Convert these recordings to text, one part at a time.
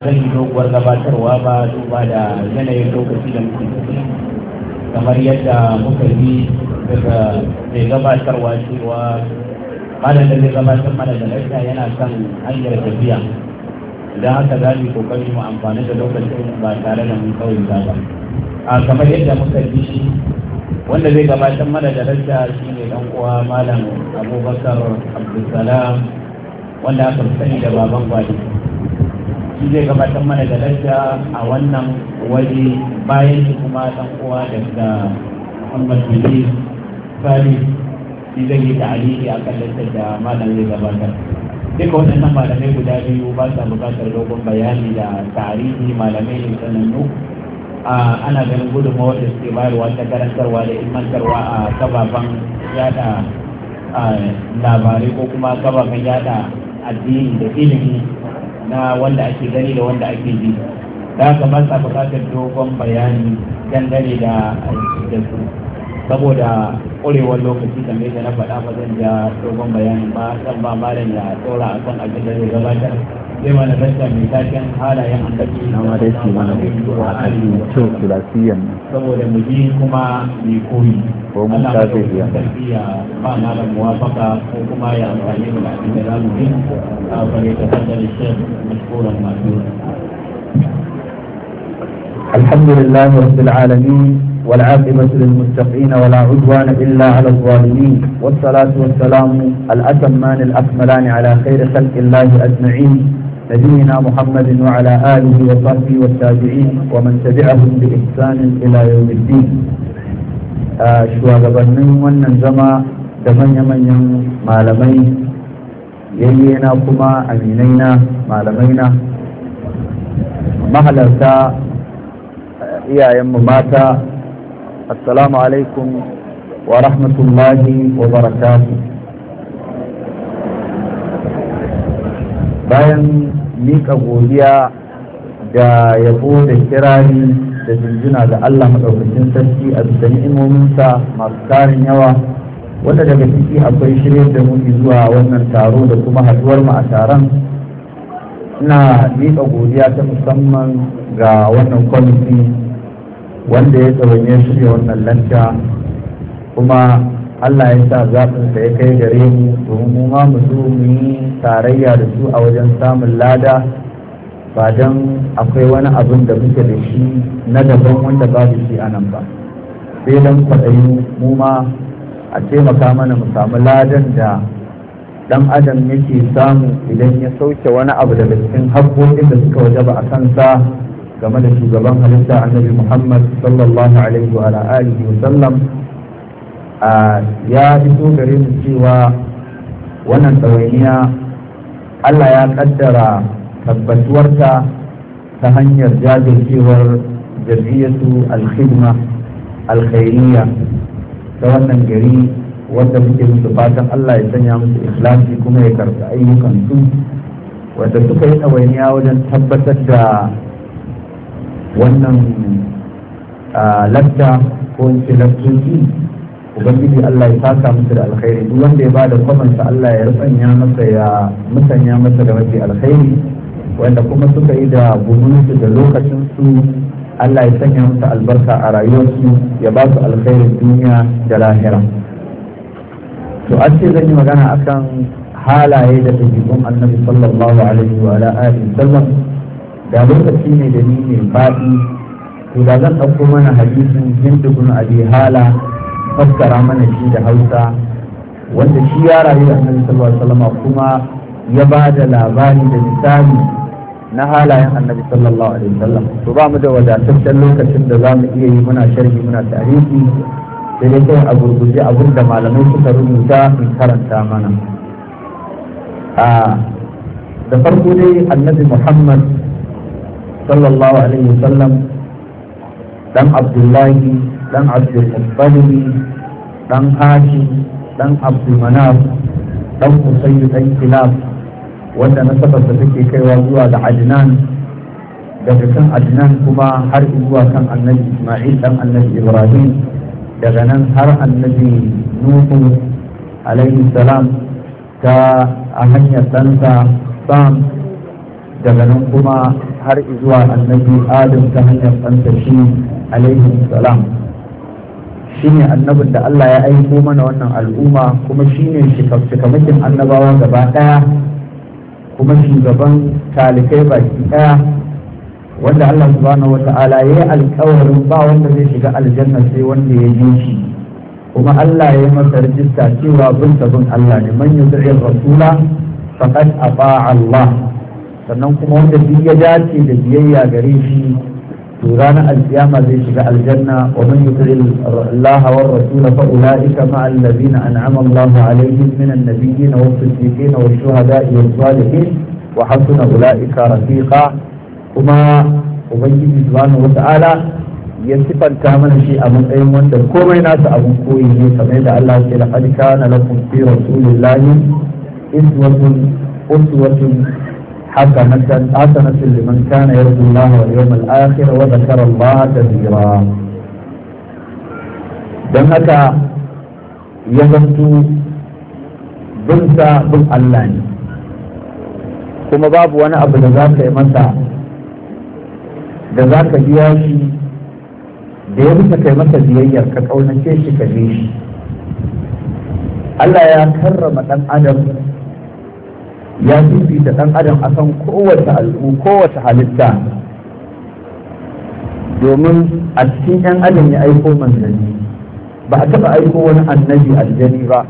zan yi doguwar gabatarwa ba duba da yanayin lokaci da muke kamar yadda muka yi daga mai gabatarwa cewa malam da zai gabatar mana da lafiya yana kan hanyar tafiya idan haka za mu yi kokari mu amfani da lokacin ba tare da mun kawai ba a kamar yadda muka yi wanda zai gabatar mana da lafiya ne dan uwa malam abubakar abdulsalam wanda aka sani da baban gwadi shi zai gabatar mana da lacca a wannan waje bayan shi kuma dan uwa daga Muhammad Bili Sali shi zai yi ta'alili a kan lacca da malam zai gabatar duka waɗannan malamai guda biyu ba sa buƙatar dogon bayani da tarihi malamai ne sanannu ana ganin gudunmawar da suke bayarwa ta karantarwa da ilmantarwa a kababan yada labarai ko kuma kababan yada addini da ilimi na wanda ake gani da wanda ake ji da haka ba sa buƙatar dogon bayani dangane da da su saboda ƙwarewar lokaci kamar da na faɗa ba zan ja dogon bayani ba san ba malam ya tsora akan abin da zai gabatar zai mana rasta mai taken halayen annabi na ma dai mana a kan to nan saboda mu ji kuma mai koyi ko mun ta zai iya ba na da muwafaka ko kuma ya amfani da abin da zamu yi a bare ta kaddara shi mashkuran masu alhamdulillah rabbil alamin والعاقبة للمتقين ولا عدوان إلا على الظالمين والصلاة والسلام الأتمان الأكملان على خير خلق الله أجمعين نبينا محمد وعلى آله وصحبه والتابعين ومن تبعهم بإحسان إلى يوم الدين shugabannin wannan ما لمين manya كما أمينينا ما لمينا aminaina malamaina آه، يا يم ماتا السلام عليكم ورحمة الله وبركاته bayan miƙa godiya da yabo da kirari da jinjina ga Allah maɗaukacin sarki a bisa ni'imominsa masu tarin yawa wanda daga ciki akwai shirye da muke zuwa wannan taro da kuma haɗuwar mu a taron ina miƙa godiya ta musamman ga wannan kwamiti wanda ya tsawanye shirya wannan lanta kuma allah ya sa sa ya kai gare mu domin mu ma mu zo mu yi tarayya da su a wajen samun lada ba don akwai wani abin da muke da shi na daban wanda babu shi a nan ba sai don kwaɗayi mu ma a taimaka mana mu samu ladan da ɗan adam yake samu idan ya sauke wani abu daga cikin haƙƙoƙin da suka wajaba a kansa game da shugaban halitta annabi muhammad sallallahu alaihi wa alihi wa sallam ya fito gare mu cewa wannan tsawainiya allah ya kaddara tabbatuwarta ta hanyar jajircewar jam'iyyatu alkhidma alkhairiyya ta wannan gari wanda muke musu fatan allah ya sanya musu ikhlasi kuma ya karɓi ayyukansu wanda suka yi tsawainiya wajen tabbatar da wannan lakta ko in ce laktoci ubangiji Allah ya saka musu da alkhairi duk wanda ya bada kwamansa Allah ya rufanya masa ya musanya masa da mafi alkhairi wanda kuma suka yi da bunutu da lokacinsu Allah ya sanya musu albarka a rayuwarsu ya ba su alkhairi duniya da lahira to an ce zan yi magana akan halaye da ɗabi'un annabi sallallahu alaihi wa alihi sallam da lokaci ne da ni mai faɗi to da zan ɗauko mana hadisin jindubun abi hala fassara mana shi da hausa wanda shi ya rayu da annabi sallallahu alaihi kuma ya ba da labari da misali na halayen annabi sallallahu alaihi wasallam to ba mu da wadataccen lokacin da za mu iya yi muna sharhi muna tarihi sai dai kawai a gurguje abin da malamai suka rubuta in karanta mana ah, da farko dai annabi muhammad sallallahu alaihi عبد dan abdullahi dan المطلب dan hashi dan abdulmanaf dan kusayyu dan kilab wanda nasabarsa take kaiwa zuwa da adnan daga kan adnan kuma har zuwa kan annabi isma'il dan annabi ibrahim daga nan har annabi nuhu alaihi salam ta a hanyar ɗansa sam daga nan kuma har zuwa annabi adam ta hanyar fanta shi alaihi salam shi ne annabin da Allah ya aiko mana wannan al'umma kuma shi ne shikamakin annabawa gaba ɗaya kuma shugaban talikai baki ɗaya wanda Allah subhanahu wata'ala ya yi alkawarin ba wanda zai shiga aljanna sai wanda ya ji shi kuma Allah ya yi masa rajista cewa bin sabon Allah ne man yuzir rasula faqad aba Allah sannan kuma wanda duk ya dace da biyayya gare shi to ranar alkiyama zai shiga aljanna wa man yuti Allah wa rasul fa ulaika ma allazina an'ama Allah alaihim min an-nabiyyin wa as-siddiqin wa ash-shuhada'i wa salihin wa hasuna ulaika rafiqa kuma ubangiji subhanahu wa ta'ala ya sifanta mana shi a matsayin wanda komai nasa abun koyi ne kamar yadda Allah ya ce laqad kana lakum fi rasulillahi iswatun uswatun حسنة حسنة لمن كان يرجو الله واليوم الآخر وذكر الله كثيرا don haka ya zanto binsa bin Allah ne kuma babu wani abu da za ka yi masa da za ka biya shi da ya bisa kai masa biyayyar ka kaunace shi ka je shi Allah ya karrama ɗan adam ya fifita ɗan adam a kan kowace al'u kowace halitta domin a cikin ɗan adam ya aiko manzanni ba a taɓa aiko wani annabi aljani ba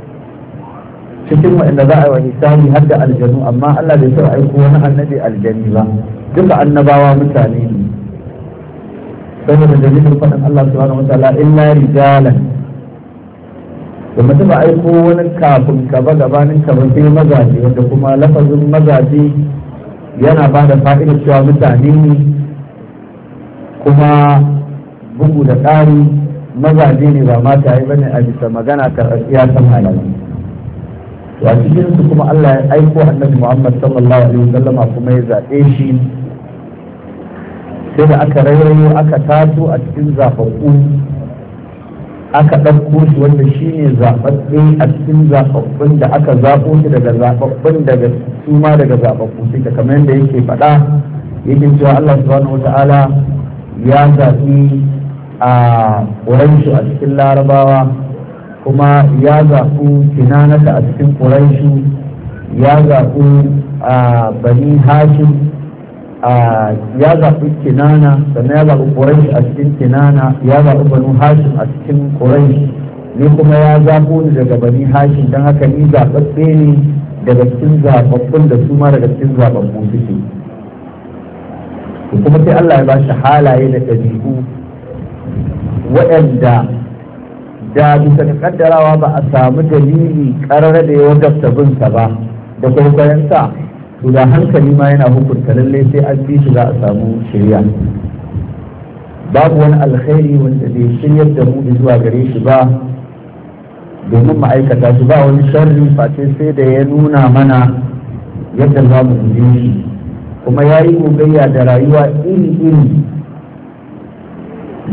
cikin waɗanda za a yi wa hisabi har da aljanu amma Allah bai taɓa aiko wani annabi aljani ba duka annabawa mutane ne saboda dalilin faɗin Allah subhanahu wa ta'ala illa rijalan da mutum ba aiko wani kafin ka ba gabanin kamar sai mazaje wanda kuma lafazin mazaje yana ba da fa'ida cewa mutane ne kuma bugu da ƙari mazaje ne ba mata yi bane a bisa magana ta rasiya ta malamai wa cikin su kuma Allah ya aiko annabi Muhammad sallallahu alaihi wasallam kuma ya zaɓe shi sai da aka rairayo aka taso a cikin zafafu aka ɗauko shi wanda shi ne zaɓaɓɓe a cikin zaɓaɓɓun da aka zaɓo shi daga zaɓaɓɓun daga su ma daga zaɓaɓɓun shi da kamar yadda yake faɗa yake cewa Allah subhanahu wata'ala ya zaɓi a ƙuraishu a cikin larabawa kuma ya zaɓu kinanata a cikin ƙuraishu ya zaɓu a bani hashim ya zaɓi kinana sannan ya zaɓi ƙorai a cikin kinana ya zaɓi banu hashim a cikin ƙorai ni kuma ya zaɓo ni daga bani hashim don haka ni zaɓaɓɓe ne daga cikin zaɓaɓɓun da su ma daga cikin zaɓaɓɓun suke kuma sai Allah ya ba shi halaye da ɗabi'u waɗanda da bisa ga kaddarawa ba a samu dalili ƙarar da ya wajabta binsa ba da kwaikwayon sa to da hankali ma yana hukunta lallai sai an fi shi za a samu shirya babu wani alkhairi wanda bai shiryar da mu zuwa gare shi ba domin ma'aikata su ba wani sharri face sai da ya nuna mana yadda za mu guje kuma ya yi gogayya da rayuwa iri-iri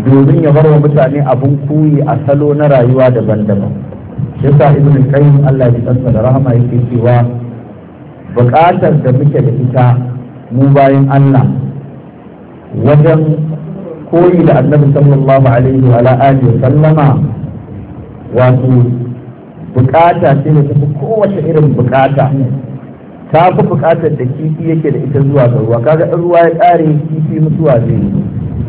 domin ya barwa mutane abin koyi a salo na rayuwa daban-daban shi sa ibn qayyim Allah ya tsantsa da rahama yake cewa buƙatar da muke da ita mu bayan Allah wajen koyi da annabi sallallahu alaihi wa alihi sallama wato buƙata ce da tafi kowace irin buƙata ta fi buƙatar da kifi yake da ita zuwa ga ruwa kaga in ruwa ya kare kifi mutuwa zai yi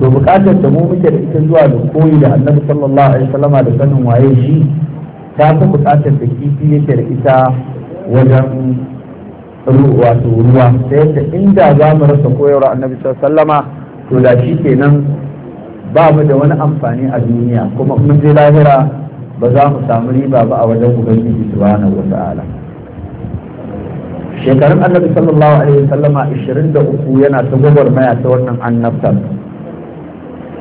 to buƙatar da mu muke da ita zuwa da koyi da annabi sallallahu alaihi sallama da sanin waye shi ta fi buƙatar da kifi yake da ita wajen wato ruwa ta yadda inda za mu rasa koyarwa annabi sallama to da shi kenan ba mu da wani amfani a duniya kuma mun je lahira ba za mu samu riba ba a wajen ubangiji subhanahu wa ta'ala shekarun annabi sallallahu alaihi wasallama 23 yana ta gwagwarmaya ta wannan annabtar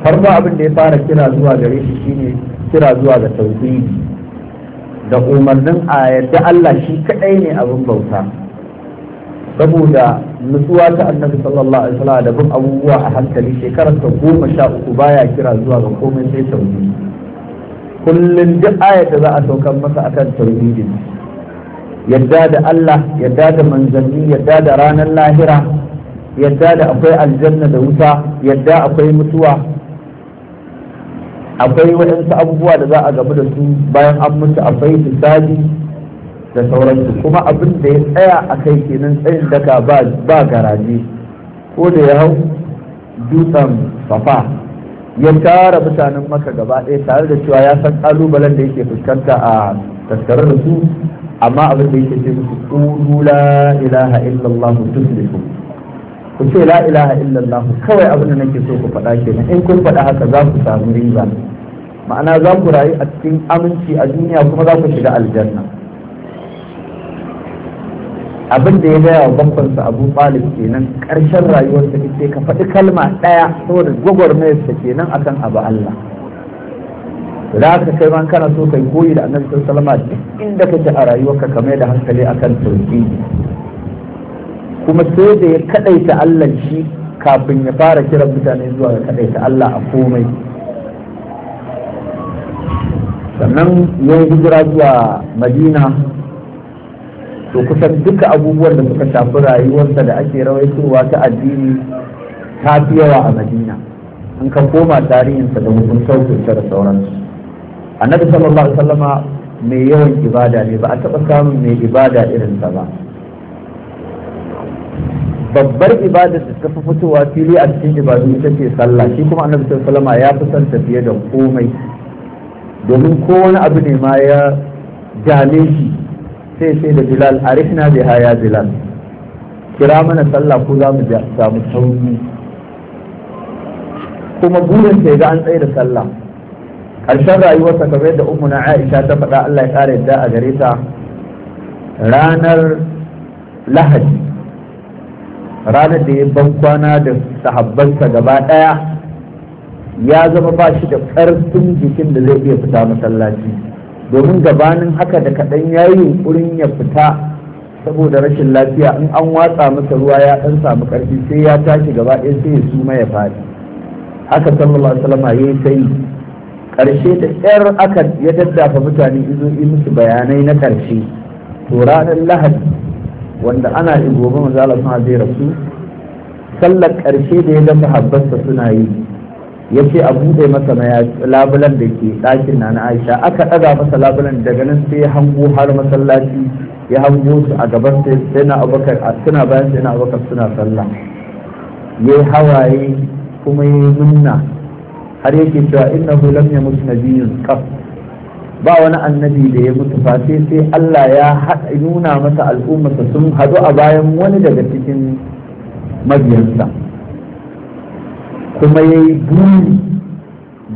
farko abin da ya fara kira zuwa gare shi shine kira zuwa ga tauhidi da umarnin a yadda Allah shi kadai ne abin bauta saboda nutsuwa ta annabi sallallahu alaihi wasallam da bin abubuwa a hankali shekarar ta goma sha uku baya kira zuwa ga komai sai tauhidi kullum duk ayar da za a saukar masa akan tauhidi yadda da Allah yadda da manzanni yadda da ranar lahira yadda da akwai aljanna da wuta yadda akwai mutuwa akwai waɗansu abubuwa da za a gaba da su bayan an mutu akwai hisabi da sauransu kuma abin da ya tsaya a kai kenan tsayin daka ba garaje ko da ya hau dutsen Fafa ya tara mutanen maka gaba ɗaya tare da cewa ya san ƙalubalen da yake fuskanta a tattare da su amma abin da yake ce musu ƙulu la ilaha illallah tuflihu ku ce la ilaha illallah kawai abin da nake so ku faɗa kenan in kun faɗa haka za ku samu riba ma'ana za ku rayu a cikin aminci a duniya kuma za ku shiga aljanna abin da ya gaya wa bambansa abu talib kenan ƙarshen rayuwarsa ita ka faɗi kalma ɗaya saboda gwagwarmayarsa kenan akan abu Allah da aka kai ma kana so kai koyi da annabi sallallahu alaihi duk inda kake a rayuwarka ka mai da hankali akan tauhidi kuma sai da ya kaɗaita Allah shi kafin ya fara kiran mutane zuwa ya kadaita Allah a komai sannan ya hijira zuwa Madina to kusan duka abubuwan da suka shafi rayuwarsa da ake rawaitowa ta addini ta fi yawa a madina an ka koma tarihinsa da hukunce-hukunce da sauransu annabi sallallahu alaihi wasallama mai yawan ibada ne ba a taɓa samun mai ibada irinsa ba babbar ibadar da ta fi fitowa fili a cikin ibadu ita ce sallah shi kuma annabi sallama ya fi son tafiye da komai domin ko abu ne ma ya dame shi sai sai da bilal arifna biha haya bilal kira mana sallah ko za mu samu kuma burin sai ga an tsaye da sallah ƙarshen rayuwarsa kamar yadda ummu na aisha ta faɗa Allah ya ƙara yadda a gare ta ranar lahadi ranar da ya ban kwana da sahabbansa gaba ɗaya ya zama ba shi da ƙarfin jikin da zai iya fita masallaci domin gabanin haka da kaɗan ya yi yunƙurin ya fita saboda rashin lafiya in an watsa masa ruwa ya ɗan samu ƙarfi sai ya tashi gaba ɗaya sai ya suma ya faɗi haka sallallahu alaihi wasallam ya yi sai ƙarshe da ƴar aka ya daddafa mutane izo yi musu bayanai na ƙarshe to ranar lahadi wanda ana yi gobe manzo Allah zai rasu sallar ƙarshe da ya dafa sahabbansa suna yi ya ce a buɗe masa labulan da ke ɗakin na na aisha aka ɗaga masa labulan daga nan sai ya hango har masallaci ya hango su a gaban sai na abubakar suna bayan sai na suna sallah ya yi hawaye kuma ya yi nuna har yake cewa inna lam ya mutu nabiyun kaf ba wani annabi da ya mutu fa sai sai Allah ya nuna masa al'ummarsa sun hadu a bayan wani daga cikin mabiyansa kuma ya yi buri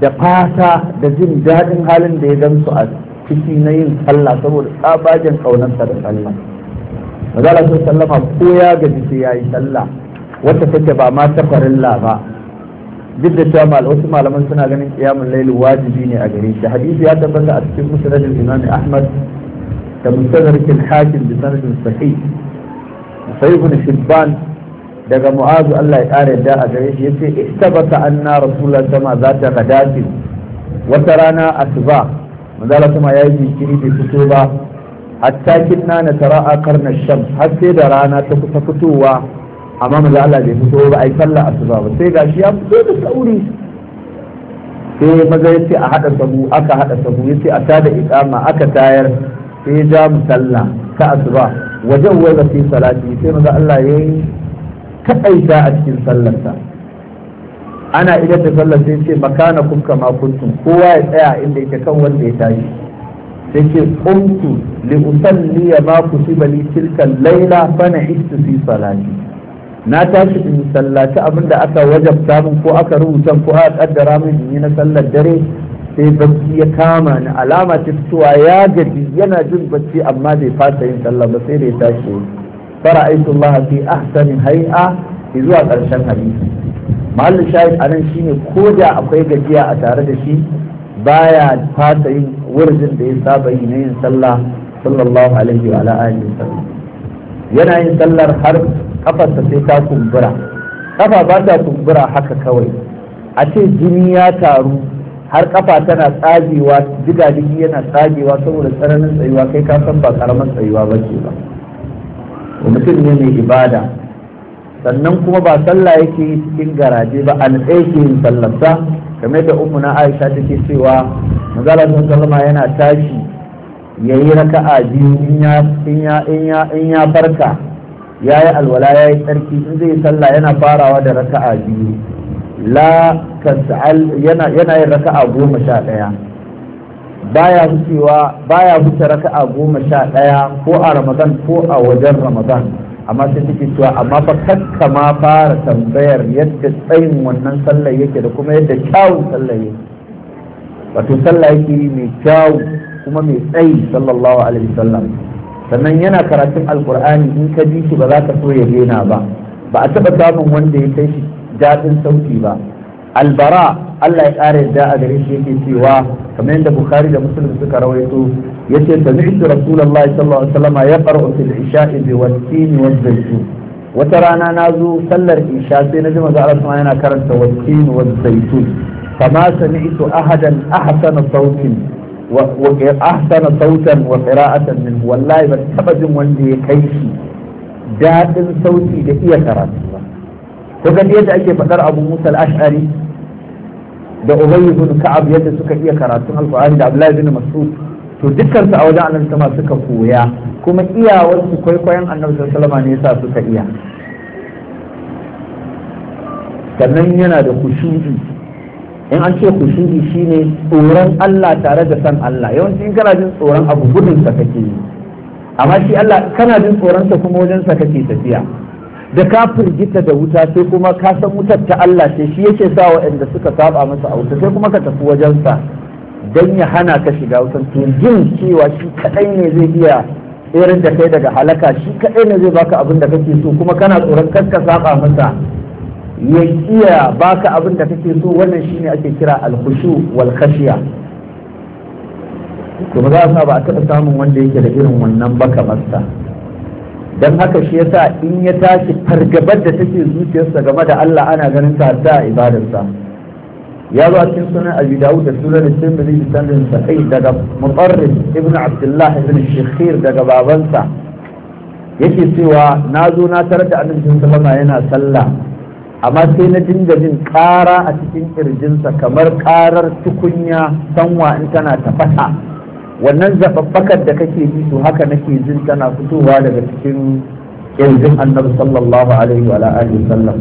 da fata da jin daɗin halin da ya gansu a ciki na yin sallah saboda tsabagen ƙaunarsa da sallah maza Allah sun sallama ko ya gaji sai ya yi sallah wata take ba ma ta farilla ba duk da cewa wasu malaman suna ganin kiyamun laili wajibi ne a gare shi hadisi ya tabbata a cikin musnadin imam ahmad da musnadin hakim bi sanadin sahih sahih ibn shibban daga mu'azu Allah ya kare da a gare shi yace istabaka anna rasulullahi sama za ta gadati wata rana asuba manzala sama yayi jinkiri bai fito ba hatta kinna na tara'a karna shams har sai da rana ta kusa fitowa amma manzo Allah bai fito ba ai sallah asuba ba sai gashi ya fito da sauri sai maza yace a hada sabu aka hada sabu yace a tada iqama aka tayar sai ya ja musalla ta asuba wajen wai fi salati sai maza Allah yayi kaɗaita a cikin sallarsa ana idan da sallar sai ce makana kum kama kuntum kowa ya tsaya inda yake kan wanda ya tashi sai ce qumtu li usalli ma kutiba li tilka laila Fana na'istu fi salati na tashi in sallaci abinda aka wajabta min ko aka rubuta ko aka kaddara min in yi na sallar dare sai bacci ya kama ni alama ta fitowa ya gaji yana jin bacci amma bai fasa yin sallah ba sai da ya tashi فرأيت الله في أحسن هيئة zuwa ƙarshen hadisi mahallin shahid a nan shine ko da akwai gajiya a tare da shi baya fasa yin wurin da ya saba yi na yin sallah sallallahu yana yin sallar har kafarsa sai ta kumbura kafa bata kumbura haka kawai a ce jini ya taru har kafa tana tsagewa jiga jiki yana tsagewa saboda tsananin tsayuwa kai ka san ba karamin tsayuwa bace ba mutum ne mai ibada sannan kuma ba sallah yake yi cikin garaje ba an yake yin sallarsa kamar da na aisha take cewa manzala sun sallama yana tashi ya yi raka'a biyu in ya farka ya yi alwala ya yi tsarki in zai sallah yana farawa da raka'a biyu la yana yin raka'a goma sha ɗaya baya wucewa baya wuce raka'a goma sha ɗaya ko a ramadan ko a wajen ramadan amma sai take cewa amma fa kakka ma fara tambayar yadda tsayin wannan sallar yake da kuma yadda kyawun sallar yake wato sallah yake mai kyawu kuma mai tsayi sallallahu alaihi wasallam sannan yana karatun alkur'ani in ka bi shi ba za ka so ya daina ba ba a taɓa samun wanda ya kai shi daɗin sauti ba albara Allah ya ƙara yadda a gare shi yake cewa kamar yadda Bukhari da Muslim suka rawaito yace sami'tu Rasulullahi sallallahu alaihi wasallam ya qara'u fil isha'i bi wattin wa wata rana na zo sallar isha sai na ji manzo Allah yana karanta wattin wa zaytun fama sami'tu ahadan ahsana sautin wa ahsana sautan wa qira'atan min wallahi ba taba jin wanda ya kai shi daɗin sauti da iya karatu ba ko ga yadda ake faɗar Abu Musa al-Ash'ari da ubay ibn ka'ab yadda suka iya karatun alqur'ani da abdullahi ibn mas'ud to dukkan su a wajen annabi sama suka koya kuma iyawar su kwaikwayon annabi sallallahu alaihi wasallam ne yasa suka iya sannan yana da kushu'i in an ce kushu'i shine tsoron Allah tare da san Allah yawanci in kana jin tsoron abu gudun sa kake yi amma shi Allah kana jin tsoron sa kuma wajen sa kake tafiya da ka firgita da wuta sai kuma ka san wutar ta Allah sai shi yake sa waɗanda suka saba masa a wuta sai kuma ka tafi wajensa don ya hana ka shiga wutar to jin cewa shi kaɗai ne zai iya tseren da kai daga halaka shi kaɗai ne zai baka abin da kake so kuma kana tsoron kar ka saba masa ya iya baka abin da kake so wannan shine ake kira alkushu wal khashiya to za a ba a taɓa samun wanda yake da irin wannan baka masa don haka shi yasa in ya tashi fargabar da take zuciyarsa game da Allah ana ganin ta da ibadarsa ya zo a cikin sunan abi dawud da sunan tirmidhi da sunan sahih daga mutarrif ibn abdullah ibn shikhir daga babansa yake cewa na zo na tarar da annabi sallallahu alaihi yana sallah amma sai na dinga jin ƙara a cikin kirjinsa kamar karar tukunya sanwa in tana tafasa wannan zafaffakar da kake yi to haka nake jin tana fitowa daga cikin kirjin annabi sallallahu alaihi wa alihi sallam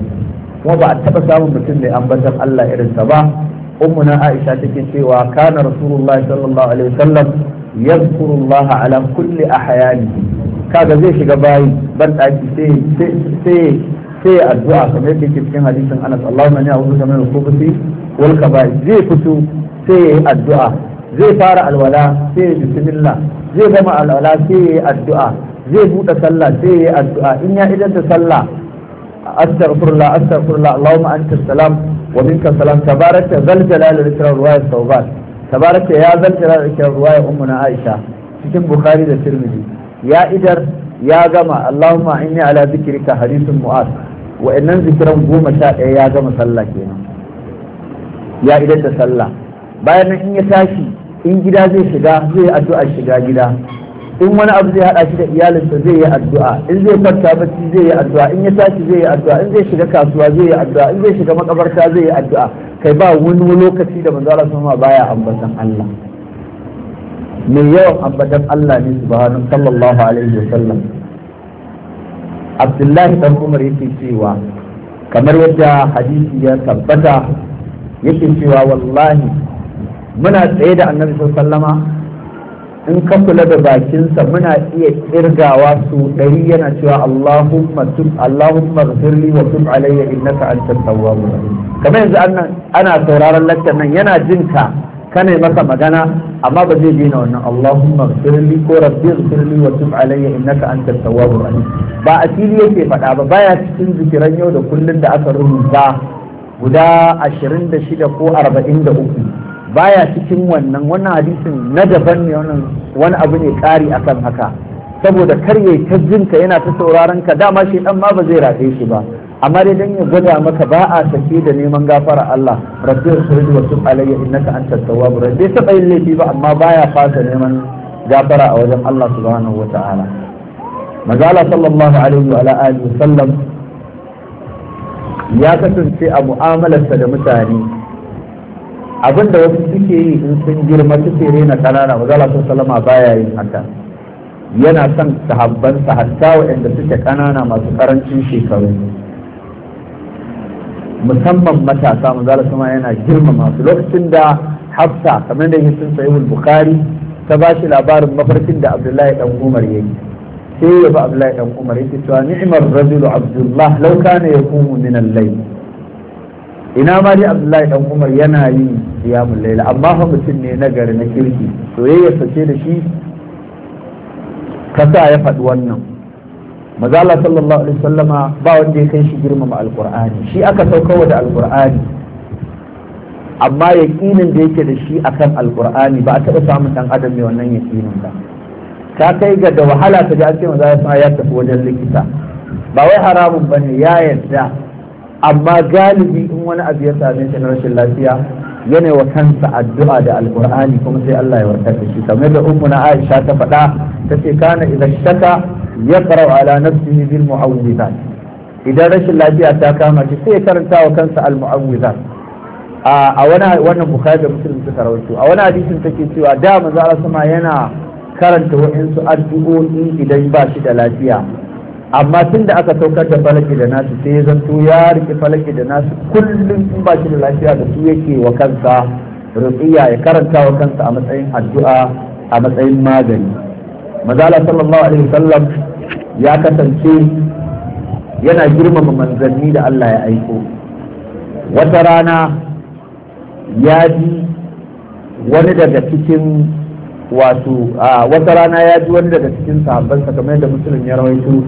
kuma ba a taɓa samun mutum mai ambatan Allah irin ta ba ummuna Aisha take cewa kana rasulullah sallallahu alaihi wasallam yadhkuru Allah ala kulli ahyani kaga zai shiga bayi ban daki sai sai sai addu'a kamar yadda yake cikin hadisin Anas Allahumma inni a'udhu bika min al-khubuthi wal kaba'ir zai fito sai addu'a zai fara alwala sai ya bismillah zai gama alwala sai ya yi addu'a zai buɗe sallah sai ya yi addu'a in ya idan da sallah astaghfirullah astaghfirullah allahumma anta salam wa minka salam tabaraka zal jalal wal ikram riwayat tawbat tabaraka ya zal jalal wal ikram riwayat ummuna aisha cikin bukhari da tirmidhi ya idar ya gama allahumma inni ala zikrika hadithun mu'az wa'annan zikiran goma sha ɗaya ya gama sallah kenan ya idan da sallah bayan nan in ya tashi in gida zai shiga zai addu'a shiga gida in wani abu zai hada shi da iyalinsa zai yi addu'a in zai kwanta bacci zai yi addu'a in ya tashi zai yi addu'a in zai shiga kasuwa zai yi addu'a in zai shiga makabarta zai yi addu'a kai ba wani lokaci da manzo Allah sama baya ambatan Allah mai yawan ambatan Allah ne subhanahu sallallahu alaihi wa sallam. Abdullahi dan Umar yake cewa kamar yadda hadisi ya tabbata yake cewa wallahi muna tsaye da annabi sallama in ka kula da bakinsa muna iya kirgawa su ɗari yana cewa Allahumma tub Allahumma ghfirli wa tub alayya innaka antat tawwabur kamar yanzu ana sauraron laccan nan yana jin ka kana masa magana amma ba zai daina wannan Allahumma ghfirli ko rabbi ghfirli wa tub alayya innaka antat tawwabur rahim ba asili yake faɗa ba baya cikin zikiran yau da kullun da aka rubuta guda 26 ko 43 baya cikin wannan wannan hadisin na daban ne wannan wani abu ne ƙari akan haka saboda kar yayi ta ka yana ta sauraron ka dama shi dan ma ba zai rafe shi ba amma dai dan ya gwada maka ba a sake da neman gafara Allah rabbi sirri wa tub alayya innaka antat tawwab rabbi saba yin laifi ba amma baya fasa neman gafara a wajen Allah subhanahu wataala mazala sallallahu alaihi wa alihi sallam ya kasance a mu'amalarsa da mutane abin da wasu suke yi in sun girma suke rena kanana maza Allah sallama baya yin haka yana son sahabbansa hatta waɗanda suke kanana masu karancin shekaru musamman matasa maza sama yana girma masu lokacin da hafsa kamar da sun sayi bukhari ta ba shi labarin mafarkin da abdullahi dan umar yake sai ya ba abdullahi dan umar yake cewa ni'mar rajulu abdullah lauka kana yaqumu min al-layl ina ma dai abdullahi dan umar yana yin siyamun laila amma fa mutum ne na gari na kirki soyayya sace da shi kasa ya faɗi wannan mazala sallallahu alaihi sallama ba wanda ya kai shi girmama alkur'ani shi aka saukarwa da alkur'ani amma yaƙinin da yake da shi akan alkur'ani ba a taɓa samun ɗan adam mai wannan yaƙinin ba ta kai ga da wahala ta ji an ce maza ya tafi wajen likita ba wai haramun ba ne ya yarda amma galibi in wani abu ya same shi na rashin lafiya yana wa kansa addu'a da alqur'ani kuma sai Allah ya warkar da shi kamar da ummu na Aisha ta faɗa ta ce kana idan shaka yaqra'u ala nafsihi bil mu'awwizat idan rashin lafiya ta kama shi sai ya karanta wa kansa al mu'awwizat a wani wannan bukhari da muslim suka rawaito a wani hadisin take cewa da manzo Allah sama yana karanta wa'insu addu'o'i idan ba shi da lafiya amma tun da aka saukar da falaki da nasu sai ya zanto ya rike falaki da nasu kullum in ba shi da lafiya da su yake wa kansa rukiya ya karanta wa kansa a matsayin addu'a a matsayin magani mazala sallallahu alaihi wasallam ya kasance yana girmama manzanni da Allah ya aiko wata rana ya ji wani daga cikin wato wata rana ya ji wani daga cikin sahabbansa kamar yadda musulun ya rawaito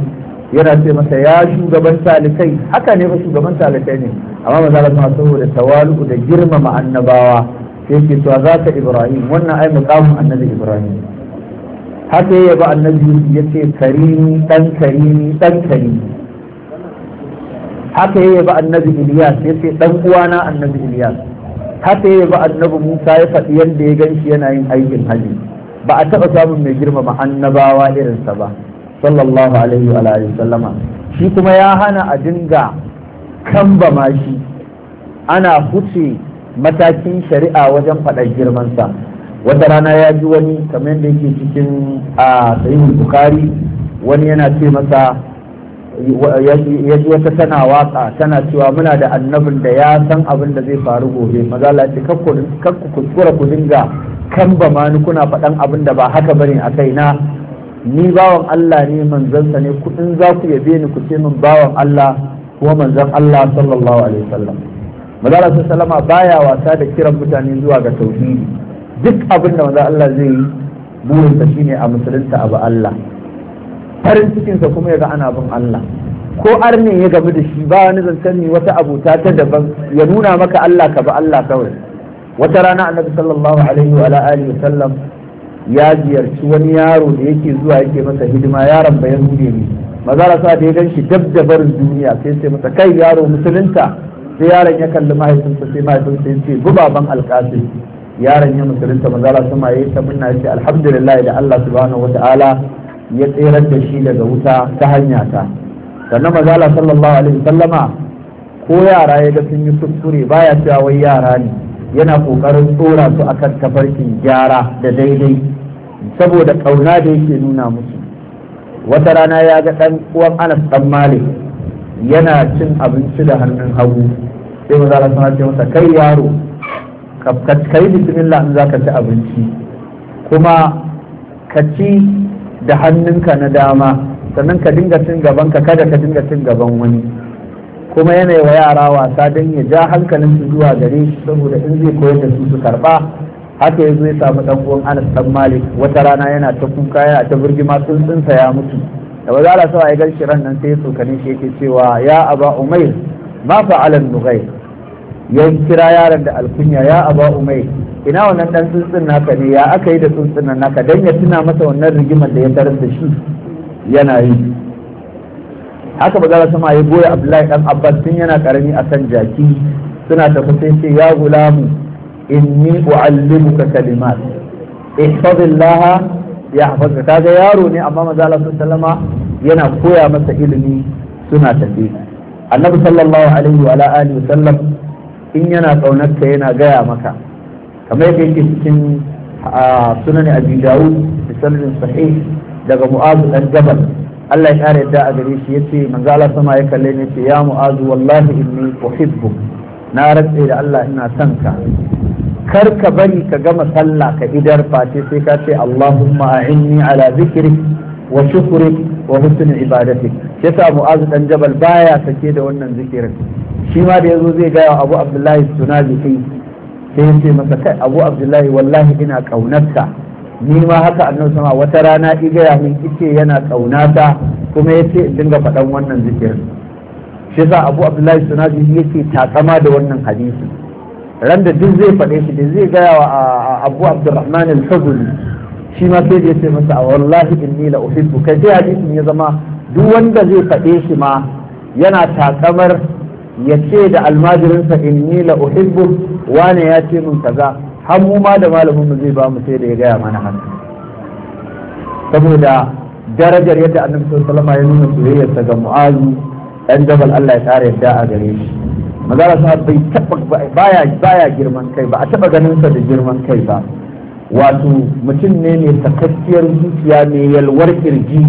yana ce masa ya shugaban talikai haka ne ba shugaban talikai ne amma maza Allah saboda tawalu da girmama annabawa sai ke cewa za ka Ibrahim wannan ai muqamin annabi Ibrahim haka ya ba annabi ya ce karimi dan karimi dan karimi haka ya ba annabi Ilyas ya ce dan uwana annabi Ilyas haka ya ba annabi Musa ya faɗi yadda ya ganshi yana yin aikin haji ba a taɓa samun mai girmama annabawa irinsa ba sallallahu alaihi wa alihi sallama shi kuma ya hana a dinga ma shi ana huce matakin shari'a wajen faɗa girmansa wata rana ya ji wani kamar yadda yake cikin a sahihul bukari wani yana ce masa ya ji wata tana waka tana cewa muna da annabin da ya san abin da zai faru gobe mazala ce kakku kuskura ku dinga kan ba mani kuna faɗan abin da ba haka bane a kaina ni bawan Allah ne manzansa ne in za ku yabe ni ku ce min bawan Allah ko manzan Allah sallallahu alaihi wasallam manzala sun salama baya wasa da kiran mutane zuwa ga tauhidi duk abin da manzan Allah zai yi burinsa shine a musulunta abu Allah farin cikinsa kuma ya ga ana bin Allah ko arne ya gamu da shi ba wani zancen ne wata abuta ta daban ya nuna maka Allah ka ba Allah kawai wata rana annabi sallallahu alaihi wa alihi wa sallam ya ziyarci wani yaro da yake zuwa yake masa hidima yaron bayan hude ne da sa da ya gan shi dab da barin duniya sai sai masa kai yaro musulunta sai yaron ya kalli mahaifinsa sai mahaifinsa ya ce gubaban alƙasim yaron ya musulunta maza mazara ma ya yi ta minna ya ce alhamdulillah da Allah subhanahu ta'ala ya tserar da shi daga wuta ta hanya ta sannan mazala sallallahu alaihi wa sallama ko yara ya ga sun yi kuskure baya cewa wai yara ne yana kokarin tsora su akan tafarkin gyara da daidai saboda kauna da yake nuna musu wata rana ya ga ɗan uwan anas ɗan malik yana cin abinci da hannun hagu sai maza Allah sana ce masa kai yaro ka kai bismillah in zaka ci abinci kuma ka ci da hannunka na dama sannan ka dinga cin gaban ka kada ka dinga cin gaban wani kuma yana wa yara wasa don ya ja hankalin su zuwa gare shi saboda in zai koyar da su su karba haka zo ya samu dan uwan Anas dan Malik wata rana yana ta kuka yana ta burgima tsuntsunsa ya mutu da ba za a sa ya garshi ran nan sai ya tsokane shi yake cewa ya aba umair ma fa'ala nughair ya kira yaron da alkunya ya aba umair ina wannan dan tsuntsun naka ne ya aka yi da tsuntsun naka dan ya tuna masa wannan rigimar da ya tarar da shi yana yi haka ba za sama ya goya abdullahi dan abbas tun yana karami a kan jaki suna tafi sai ce ya gulamu inni u'allimuka kalimat ihfazillah yahfazka kaga yaro ne amma manzo Allah sallama yana koya masa ilimi suna tafi annabi sallallahu alaihi wa alihi sallam in yana kaunar kaunarka yana gaya maka kamar yadda yake cikin ah, sunan abi dawud da sanadin sahih daga mu'azu dan jabal Allah ya kare yadda a gare shi yace manzo Allah sama ya kalle ne ya mu'azu wallahi inni uhibbu na ratse da Allah ina son ka kar ka bari ka gama sallah ka idar fati sai ka ce Allahumma a'inni ala zikri wa shukri wa husn ibadati sa mu'azu dan jabal baya sake da wannan zikirin shi ma da yazo zai gaya Abu Abdullahi Sunabi kai sai ya ce masa kai Abu Abdullahi wallahi ina kaunarka ni ma haka annabi sama wata rana igaya min ike yana kaunata kuma yace in dinga faɗan wannan zikirin shi za Abu Abdullahi Sunaji yake takama da wannan hadisi ran da duk zai faɗe shi da zai gaya wa Abu Abdurrahman al-Huzuli shi ma sai da yace masa wallahi inni la uhibbu kai sai hadisin ya zama duk wanda zai faɗe shi ma yana takamar ya ce da almajirinsa inni la uhibbu wane ya ce min kaza har mu ma da malamin mu zai ba mu sai da ya gaya mana haka saboda darajar yadda annabi sallallahu alaihi wasallam ya nuna soyayyarsa ga mu'azu dan jabal Allah ya tsara yadda a gare shi magana sa bai taba baya baya girman kai ba a taba ganin sa da girman kai ba wato mutum ne mai sakakkiyar zuciya ne yalwar kirji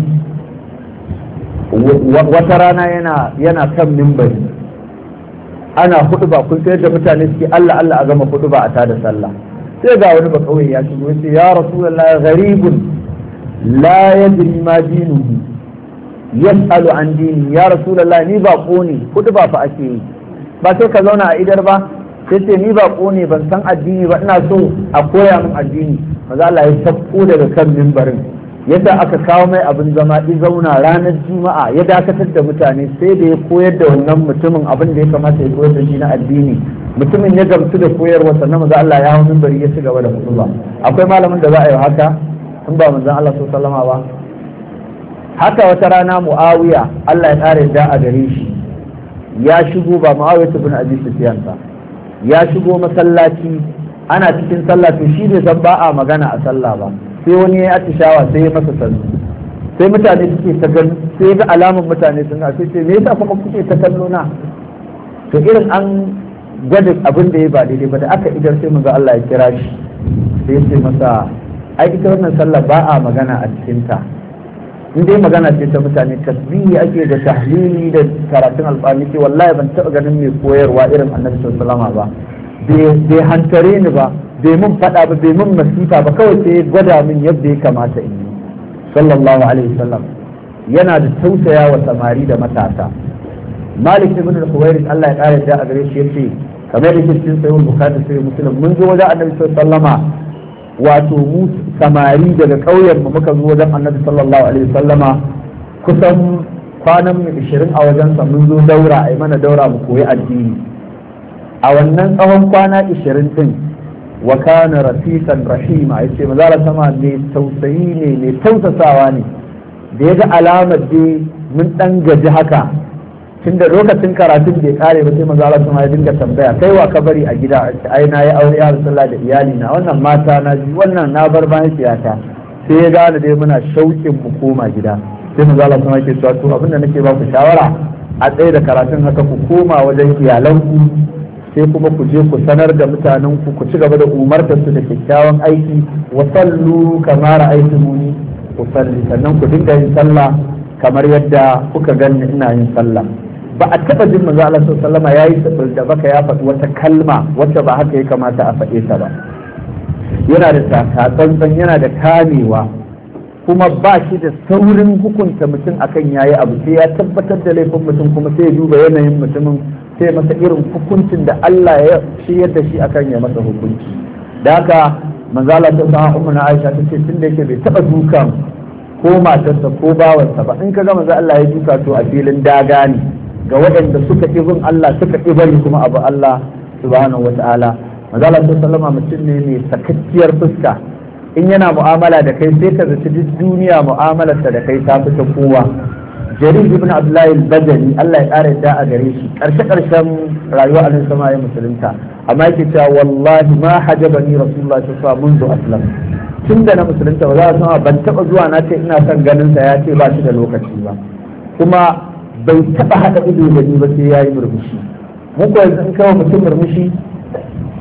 wata rana yana kan mimbari ana hudu ba kun sayar da mutane suke Allah Allah a gama hudu ba a tada sallah sai ga wani ba kawai ya shigo ya ce ya rasulullah gharibun la yadri ma dinuhu yas'alu an dini ya rasulullah ni ba ne hudu ba fa ake yi ba sai ka zauna a idar ba sai ce ni ba ne ban san addini ba ina so a koya min addini maza Allah ya sabko daga kan mimbarin yadda aka kawo mai abin zama i zauna ranar juma'a ya dakatar da mutane sai da ya koyar da wannan mutumin abin da ya kamata ya koyar da shi na addini mutumin ya gamsu da koyarwa sannan maza Allah ya hau bari ya ci gaba da mutuwa akwai malamin da za a yi haka in ba manzon Allah su salama ba haka wata rana mu'awiya Allah ya kare da a gare shi ya shigo ba mu'awiya ta bin abi sufiyan ba ya shigo masallaci ana cikin sallah to shi ne san ba a magana a sallah ba sai wani ya atishawa sai ya masa sannu sai mutane suke ta gan sai ga alamun mutane sun sai ce me yasa kuma kuke ta kallo na to irin an gwada abin da ya ba daidai ba da aka idar sai ga Allah ya kira shi sai ya ce masa ai ita wannan sallah ba a magana a cikin ta in dai magana ce ta mutane tasbihi ake da tahlili da karatun alqur'ani ce wallahi ban taba ganin mai koyarwa irin annabi sallallahu alaihi wasallam ba bai hantare ni ba bai mun faɗa ba bai mun masifa ba kawai sai gwada min yadda ya kamata in yi sallallahu alaihi wasallam yana da tausaya wa samari da matasa malik ibn al-huwairi Allah ya kare da a gare shi yace kamar yake cikin sayyid bukhari sai muslim mun zo wajen annabi sallallahu wato mu samari daga ƙauyen mu muka zo wajen annabi sallallahu alaihi wasallama kusan kwanan mu 20 a wajen sa mun zo daura ai mana daura mu koyi addini a wannan tsawon kwana 20 din wa kana rafisan rahima yace mazara sama mai tausayi ne mai tausasawa ne da ya ga alamar dai mun dan gaji haka tun da lokacin karatun bai kare ba sai mazara sama ya dinga tambaya kai wa ka bari a gida ai na yi aure ya sallah da iyali na wannan mata na ji wannan na bar bayan siyasa sai ya gane dai muna shauƙin mu koma gida sai mazara sama yake cewa to abinda nake ba ku shawara a tsaye da karatun haka ku koma wajen iyalanku sai kuma ku je ku sanar da mutanen ku ku ci gaba da umartar su da kyakkyawan aiki wa sallu aiki muni ku salli sannan ku dinga yin sallah kamar yadda kuka gani ina yin sallah ba a taba jin manzo Allah Sallama ya yi yayi da baka ya faɗi wata kalma wacce ba haka ya kamata a faɗe ta ba yana da takatsantsan yana da kamewa kuma ba shi da saurin hukunta mutum akan yayi abu sai ya tabbatar da laifin mutum kuma sai ya duba yanayin mutumin sai masa irin hukuncin da Allah ya shiyar da shi akan ya masa hukunci da haka manzala ta sa umma Aisha ta ce tunda yake bai taba dukan ko matarsa ko bawansa ba in kaga manzo Allah ya duka to a filin daga ne ga waɗanda suka ki bin Allah suka ki bari kuma abu Allah subhanahu wataala manzo Allah sallama mutum ne mai sakakkiyar fuska in yana mu'amala da kai sai ka zaci duk duniya mu'amalarsa da kai ta fita kowa jarir ibn abdullahi badani Allah ya ƙara yadda a gare shi ƙarshe ƙarshen rayuwa a sama ya musulunta amma yake cewa wallahi ma hajabani rasulullah ta sa mun zo aslam tun da na musulunta ba za a sama ban taɓa zuwa na ce ina son ganin sa ya ce ba shi da lokaci ba kuma bai taɓa haɗa ido da ni ba sai ya yi murmushi mu ko yanzu in kawo mutum murmushi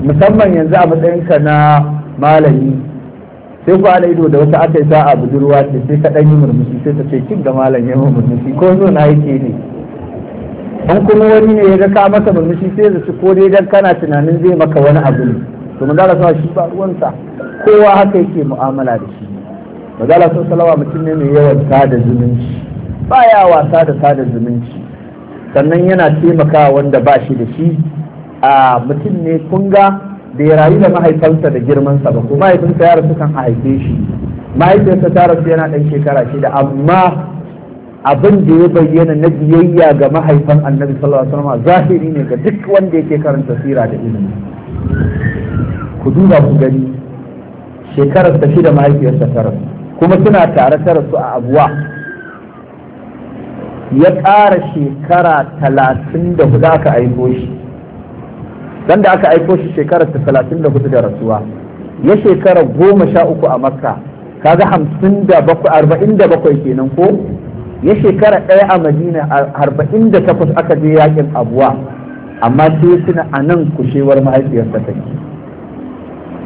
musamman yanzu a matsayinka na malami sai ku ala ido da wata aka yi sa'a budurwa ce sai ka ɗan yi murmushi sai ta ce kin ga malam ya murmushi ko zo na yake ne an kuma wani ne ya ga ka masa murmushi sai da ko dai dan kana tunanin zai maka wani abu ne to manzo Allah shi ba ruwansa kowa haka yake mu'amala da shi manzo sun salawa mutum ne mai yawan sada zumunci Ba ya wasa da sada zumunci sannan yana taimakawa wanda ba shi da shi a mutum ne kunga ya rayu da mahaifansa da girmansa ba ko mahaifinsa ya rasu kan a haife shi mahaifinsa ta rasu yana ɗan shekara shida amma abin da ya bayyana na biyayya ga mahaifan annabi sallallahu alaihi wasallam zahiri ne ga duk wanda yake karanta sira da ilimi ku duba ku gani shekarar ta shida mahaifiyarsa ta rasu kuma suna tare ta rasu a abuwa ya ƙara shekara talatin da hudu aka aiko shi dan da aka aiko shi shekarar ta talatin da hudu da rasuwa ya shekara goma sha uku a makka kaga hamsin da bakwai arba'in da bakwai kenan ko ya shekara ɗaya a madina arba'in da takwas aka je yakin abuwa amma sai suna a nan kushewar mahaifiyarsa ta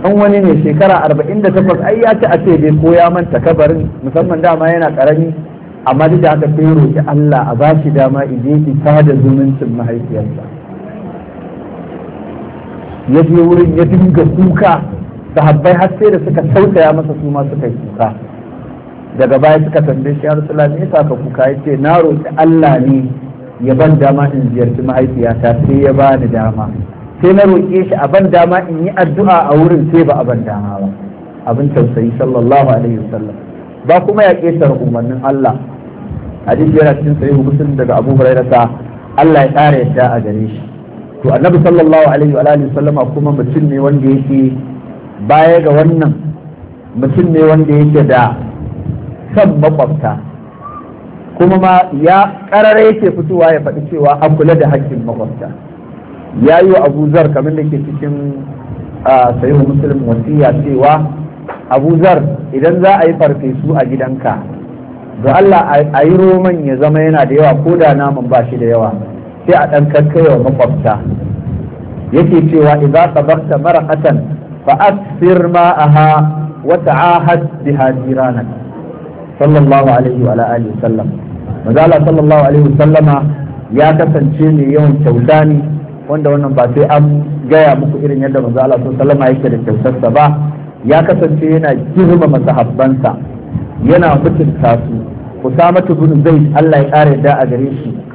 an wani ne shekara arba'in da takwas ai ya ci a ce bai koya manta kabarin musamman dama yana karami amma duk da haka sai roƙi Allah a ba shi dama ije ki da zumuncin mahaifiyarsa ya je wurin ya dinga kuka sahabbai har sai da suka tausaya masa su ma suka yi kuka daga baya suka tambaye shi har sula ne ka kuka ya ce na roƙi Allah ne ya ban dama in ziyarci mahaifiyata sai ya bani dama sai na roƙe shi a ban dama in yi addu'a a wurin sai ba a ban dama ba abin tausayi sallallahu alaihi wasallam ba kuma ya ƙetare umarnin Allah hadisi yana cikin sahihu muslim daga Abu Hurairah Allah ya tsara yadda a gare shi to annabi sallallahu alaihi wa alihi sallama kuma mutum ne wanda yake baya ga wannan mutum ne wanda yake da san makwabta kuma ma ya karara yake fitowa ya faɗi cewa a kula da haƙƙin makwabta ya yi wa abu kamar da ke cikin sayo muslim wasiya cewa abu idan za a yi farfesu a gidanka ga Allah a yi roman ya zama yana da yawa ko da naman ba shi da yawa sai a ɗan kakkaiwa makwabta yake cewa idza tabarta maraqatan fa aksir ma'aha wa ta'ahad biha jiranak sallallahu alaihi wa alihi sallam sallallahu alaihi wa sallama ya kasance ne yawan kyauta ne wanda wannan ba sai an gaya muku irin yadda manzala sallallahu alaihi wa sallama yake da ba ya kasance yana girmama sahabbansa yana mutunta su mata bin zai Allah ya kare da a gare shi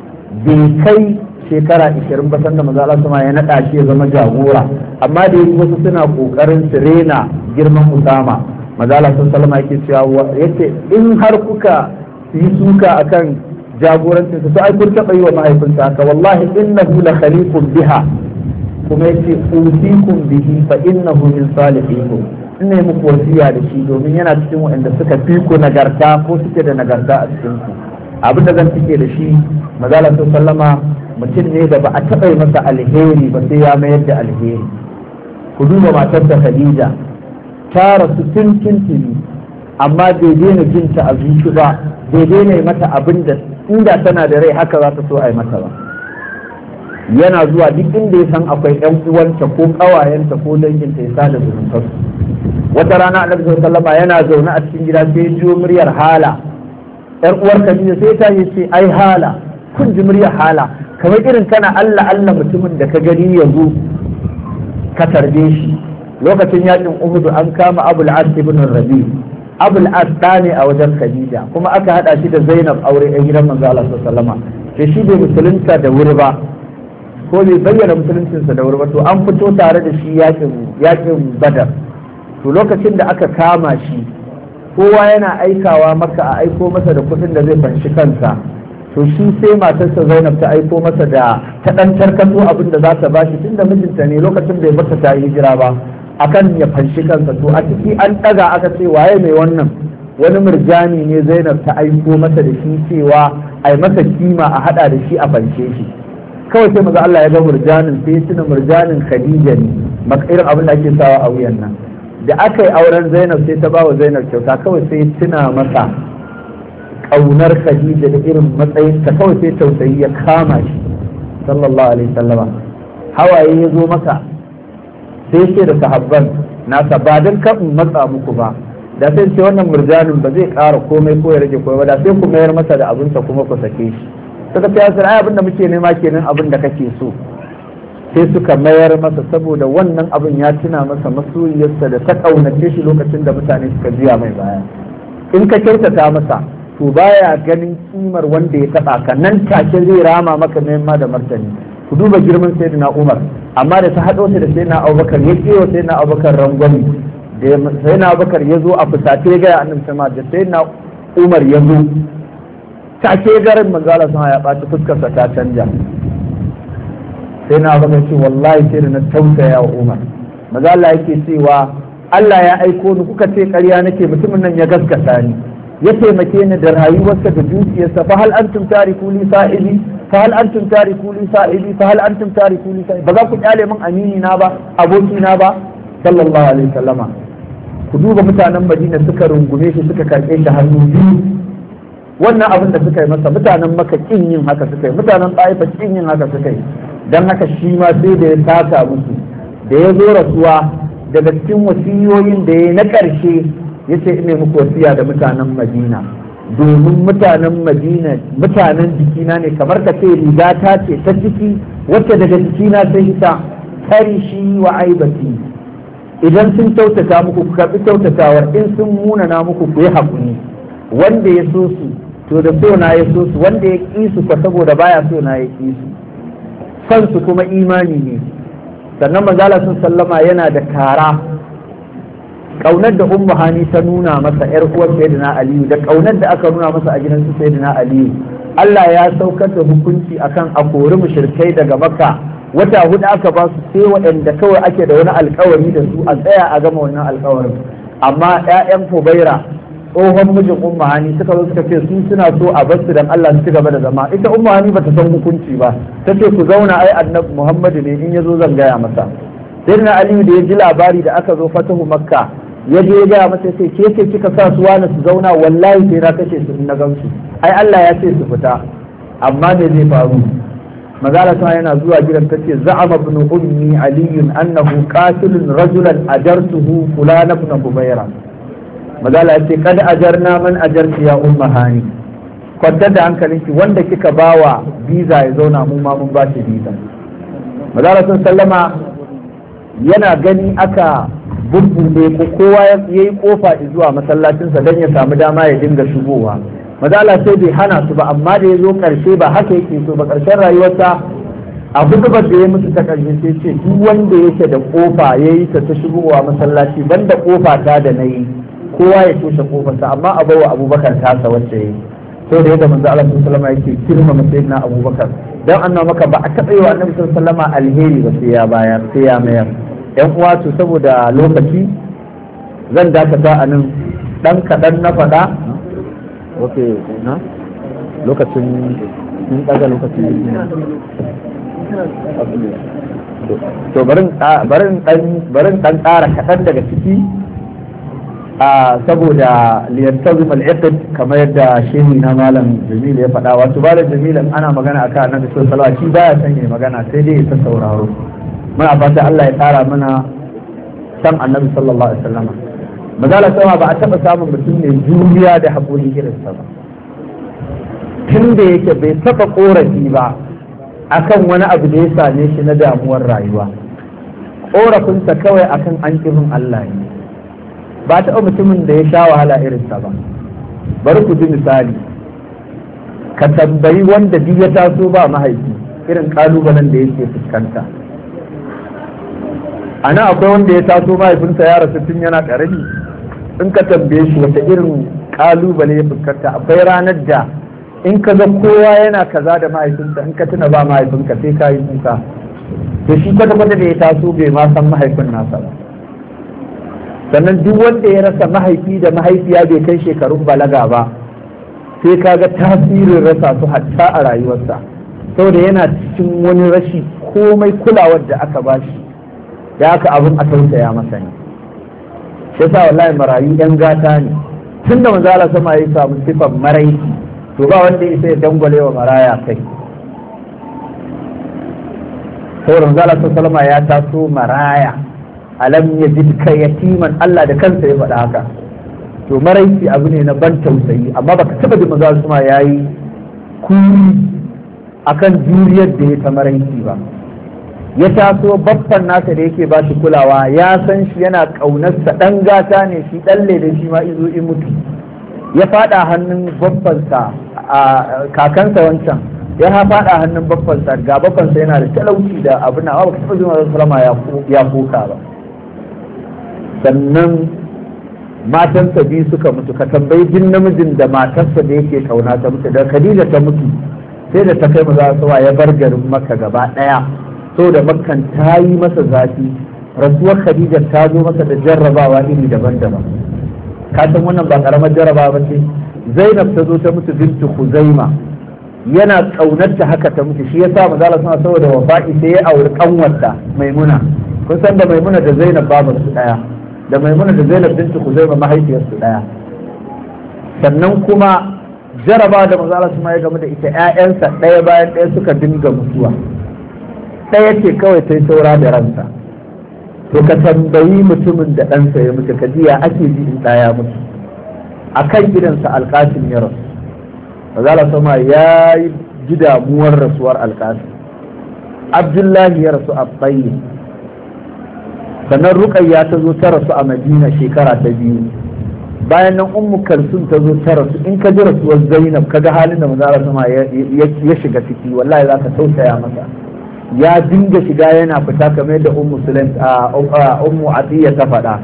bai kai shekara 20 ba sanda maza Allah ya naɗa shi ya zama jagora amma da yake wasu suna kokarin su rena girman Usama maza Allah sallama yake cewa yace in har kuka yi suka akan jagorancin su sai kun taɓa yi wa mahaifinsa haka wallahi innahu hula khaliqun biha kuma yace usikum bihi fa innahu min salihikum ina yi muku wasiya da shi domin yana cikin waɗanda suka fi ku nagarta ko suke da nagarta a cikin su abin da zan cike da shi mazala sallama mutum ne da ba a taɓa masa alheri ba sai ya mayar da alheri ku duba matar da khadija ta rasu tun tuntuni amma bai daina ta a zuci ba bai daina mata abin da inda tana da rai haka za ta so a yi mata ba yana zuwa duk inda ya san akwai yan uwanta ko ƙawayenta ko danginta ya sa da zumuntarsu wata rana annabi sallallahu alaihi yana zaune a cikin gida sai ya muryar hala yar uwar Khadija sai ta yi ce ai hala kun ji murya hala kamar irin kana Allah Allah mutumin da ka gani yanzu ka tarbe shi lokacin yakin Uhud an kama Abul As ibn Rabi Abul As ne a wajen Khadija kuma aka hada shi da Zainab aure a gidan manzo Allah sallallahu alaihi shi bai musulunta da wuri ba ko bai bayyana musuluncinsa da wuri ba to an fito tare da shi yakin yakin Badar to lokacin da aka kama shi kowa yana aikawa maka a aiko masa da kuɗin da zai fanshi kansa to shi sai matarsa zainab ta aiko masa da taɗantar kaso abin da za ta ba bashi tunda mijinta ne lokacin bai bata ta yi hijira ba akan ya fanshi kansa to a ciki an ɗaga aka ce waye mai wannan wani murjani ne zainab ta aiko masa da shi cewa a yi masa kima a haɗa da shi a fanshe shi kawai sai maza Allah ya ga murjanin sai ya tuna murjanin khadija ne irin abin da ake sawa a wuyan nan da aka yi auren zainab sai ta bawa zainab kyauta kawai sai tuna masa ƙaunar khadija da irin matsayin ta kawai sai tausayi ya kama shi sallallahu alaihi sallama hawaye ya zo masa sai ce da sahabban nasa ba don in matsa muku ba da sai ce wannan murjanin ba zai ƙara komai ko ya rage komai ba da sai ku mayar masa da abinsa kuma ku sake shi suka ce ya abin da muke nema kenan abin da kake so sai suka mayar masa saboda wannan abin ya tuna masa masoyiyarsa da ta kaunace shi lokacin da mutane suka biya mai baya in ka kyautata masa to baya ganin kimar wanda ya taba ka nan take zai rama maka ma da martani ku duba girman na Umar amma da ta haɗo shi da sai na Abubakar ya sai na Abubakar rangwami da sai na Abubakar ya zo a fusace ga annan sama da sai na Umar ya zo take garin manzo ya ɓaci fuskarsa ta canja sai na zama ce wallahi sai da na tausaya wa umar maza Allah yake cewa Allah ya aiko ni kuka ce ƙarya nake mutumin nan ya gaskata ni ya taimake ni da rayuwarsa da dukiyarsa fa hal antum tariku li sa'ili fa hal antum tariku li sa'ili fa hal antum tariku li sa'ili ba za ku kyale min amini na ba aboki na ba sallallahu alaihi wasallama ku duba mutanen Madina suka rungume shi suka karɓe shi hannu biyu wannan abin da suka yi masa mutanen Makka kin yin haka suka yi mutanen ba kin yin haka suka yi don haka shi ma sai da ya sata musu da ya zo rasuwa daga cikin wasiyoyin da ya na ƙarshe ya ce ina muku wasiya da mutanen madina domin mutanen madina mutanen jikina ne kamar ka ce riga ta ce ta ciki wacce daga jikina sai hita karishi wa aibati idan sun kyautata muku ku karɓi kyautatawar in sun munana muku ku yi haƙuri wanda ya so su to da so na ya so su wanda ya ƙi su ko saboda baya so na ya ƙi su sansu kuma imani ne sannan manzala sun sallama yana da kara ƙaunar da ummu hani ta nuna masa yar uwar sayyidina aliyu da ƙaunar da aka nuna masa a gidan su sayyidina aliyu Allah ya saukar da hukunci akan a kori mushrikai daga maka. wata hudu aka ba su sai waɗanda kawai ake da wani alkawari da su a tsaya a gama wannan alkawarin amma 'ya'yan fubaira tsohon mijin umma hani suka zo suka ce su suna so a basu dan Allah su ci gaba da zama ita umma hani bata san hukunci ba ta ce ku zauna ai annabi Muhammadu ne in yazo zan gaya masa sai na Aliyu da ya ji labari da aka zo fatahu Makka ya je ya gaya masa sai ke ce kika sa su wani su zauna wallahi sai na kashe su in na gamsu ai Allah ya ce su fita amma me zai faru mazala ta yana zuwa gidan ta ce za'ama ibn ummi aliyun annahu qatilun rajulan ajartuhu fulana ibn hubayra magala ce kad ajarna man ajarki ya umma hani kwantar da hankalinki wanda kika bawa biza ya zauna mu ma mun ba shi biza magala sun sallama yana gani aka bubbuɗe ko kowa ya yi kofa zuwa masallacinsa don ya samu dama ya dinga shigowa mazala sai bai hana su ba amma da ya zo karshe ba haka yake so ba karshen rayuwarsa a hudubar da ya musu ta karshe sai ce duk wanda yake da kofa ya yi ta ta shigowa masallaci banda kofa ta da na yi kowa ya toshe kofarsa amma a bawa abubakar tasa wacce ya yi to da yadda manzo Allah sallallahu alaihi yake kirma sayyidina abubakar dan annabi maka ba a taɓa yi wa annabi sallallahu alheri ba sai ya bayar sai ya mayar yan uwa to saboda lokaci zan dakata a nan dan kaɗan na faɗa okay na lokacin mun daga lokacin to barin barin barin dan tsara kaɗan daga ciki saboda ta zuma kamar yadda shehu na malam jamil ya faɗa wato malam jamil ana magana a kan annabi sallallahu alaihi wasallam baya san magana sai dai ta sauraro muna fata Allah ya tsara mana san annabi sallallahu alaihi wasallam mazala sama ba a taba samun mutum ne juriya da haƙuri irin sa ba tun da yake bai taɓa korafi ba akan wani abu da ya same shi na damuwar rayuwa ƙorafinsa kawai akan an Allah ne ba taɓa mutumin da ya sha wahala irinsa ba bari ku ji misali ka tambayi wanda duk ya taso ba mahaifi irin kalubalen da yake fuskanta a nan akwai wanda ya taso mahaifinsa ya rasu tun yana ƙarami in ka tambaye shi wata irin kalubale ya fuskanta akwai ranar da in ka ga kowa yana kaza da mahaifinsa in ka tuna ba mahaifinka sai ka yi kuka to shi kwata-kwata da ya taso bai ma san mahaifin nasa ba sannan duk wanda ya rasa mahaifi da mahaifiya bai kai shekarun balaga ba sai kaga tasirin rasa su hatta a rayuwarsa saboda yana cikin wani rashi komai kulawar da aka bashi da aka abin a tausaya masa ne shi yasa wallahi marayu yan gata ne tun da manzo Allah sama ya samu sifan maraiki to ba wanda ya sai dangwale wa maraya kai saboda manzo Allah ya taso maraya alam ya yajidka yatiman Allah da kansa ya faɗa haka to maraici abu ne na ban tausayi amma baka taba jin manzo kuma yayi kuri akan juriyar da ya ta maraici ba ya taso babban nasa da yake ba shi kulawa ya san shi yana ƙaunarsa ɗan gata ne shi ɗan da shi ma izo in mutu ya faɗa hannun babbansa a kakansa wancan ya faɗa hannun babbansa ga babbansa yana da talauci da abin na ba ka taɓa zuwa ya koka ba sannan matansa biyu suka mutu ka tambayi jin namijin da matarsa da yake kauna ta mutu da khadija ta mutu sai da ta kai maza ya bar garin maka gaba daya so da makkan ta yi masa zafi rasuwar khadija ta zo masa da jarrabawa iri daban-daban ka wannan ba karamar jarraba ba ce zainab ta zo ta mutu bintu huzaima yana ta haka ta mutu shi yasa maza suna sama saboda wafa'i sai ya auri kanwarta maimuna kun san da maimuna da zainab babu su daya da maimuna da zainab bintu kuzaima mahaifiyarsu daya sannan kuma jaraba da maza su ya game da ita ya'yansa ɗaya bayan ɗaya suka dinga mutuwa ɗaya ce kawai sai saura da ransa to ka tambayi mutumin da ɗansa ya mutu ka jiya ake ji in ɗaya mutu a kan gidansa alƙasin ya rasu maza su ma ya yi ji damuwar rasuwar alƙasin abdullahi ya rasu a bayyana. sannan ruqayya ta zo ta rasu a madina shekara ta biyu bayan nan ummu kalsum ta zo ta rasu in ka ji rasuwar zainab kaga halin da manzo sama ya shiga ciki wallahi za ka tausaya masa ya dinga shiga yana fita kamar da ummu sulaim ummu atiya ta fada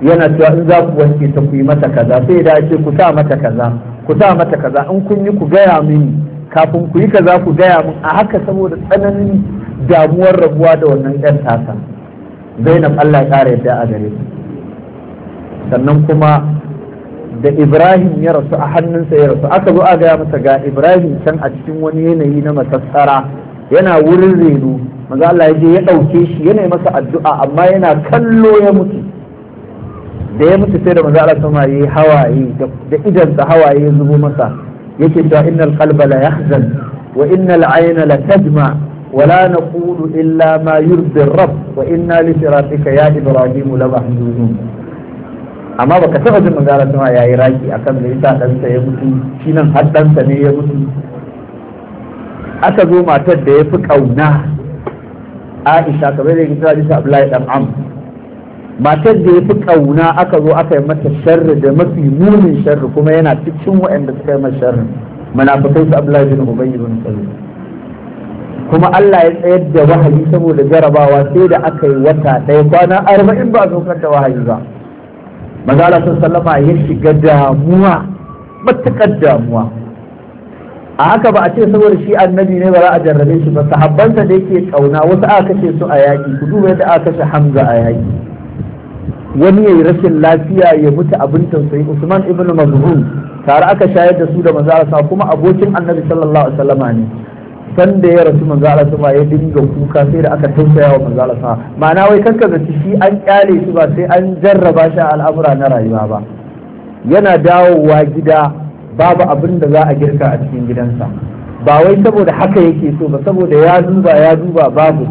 yana cewa in za ku wanke ta ku yi mata kaza sai da ce ku sa mata kaza ku sa mata kaza in kun yi ku gaya mini kafin ku yi kaza ku gaya min a haka saboda tsananin damuwar rabuwa da wannan yan tasa zainab Allah ya ƙara yadda a gare su sannan kuma da ibrahim ya rasu a hannunsa ya rasu aka zo a gaya masa ga ibrahim can a cikin wani yanayi na matattara yana wurin reno maza Allah ya je ya ɗauke shi yana masa addu'a amma yana kallo ya mutu da ya mutu sai da maza Allah sama yi hawaye da idansa hawaye ya zubo masa yake cewa innal qalba la yahzan wa innal ayna la tajma ولا نقول إلا ما يرضي الرب وإنا لفراقك يا إبراهيم لمحزونون amma baka taɓa jin manzara sama ya yi raki a kan zai ɗansa ya mutu shi nan har ɗansa ne ya mutu aka zo matar da ya fi ƙauna aisha kamar da kita bisa abdullahi dan am matar da ya fi ƙauna aka zo aka yi mata sharri da mafi munin sharri kuma yana cikin waɗanda suka yi mata sharri su abdullahi bin kuma Allah ya tsayar da wahayi saboda jarabawa sai da aka yi wata ɗaya kwana arba'in ba a saukar da wahayi ba manzala sun sallama ya shiga damuwa matuƙar damuwa a haka ba a ce saboda shi annabi ne ba za a jarrabe shi ba sahabbansa da yake kauna wasu aka kashe su a yaƙi ku duba yadda aka kashe hamza a yaƙi wani ya yi rashin lafiya ya mutu abin tausayi usman ibn mazhun tare aka shayar da su da manzala sa kuma abokin annabi sallallahu alaihi wasallama ne sanda ya rasu manzo Allah sama ya dinga kuka sai da aka tausaya wa manzo Allah sama ma'ana wai kanka zaci shi an kyale shi ba sai an jarraba shi al'amura na rayuwa ba yana dawowa gida babu abin da za a girka a cikin gidansa ba wai saboda haka yake so ba saboda ya zuba ya zuba babu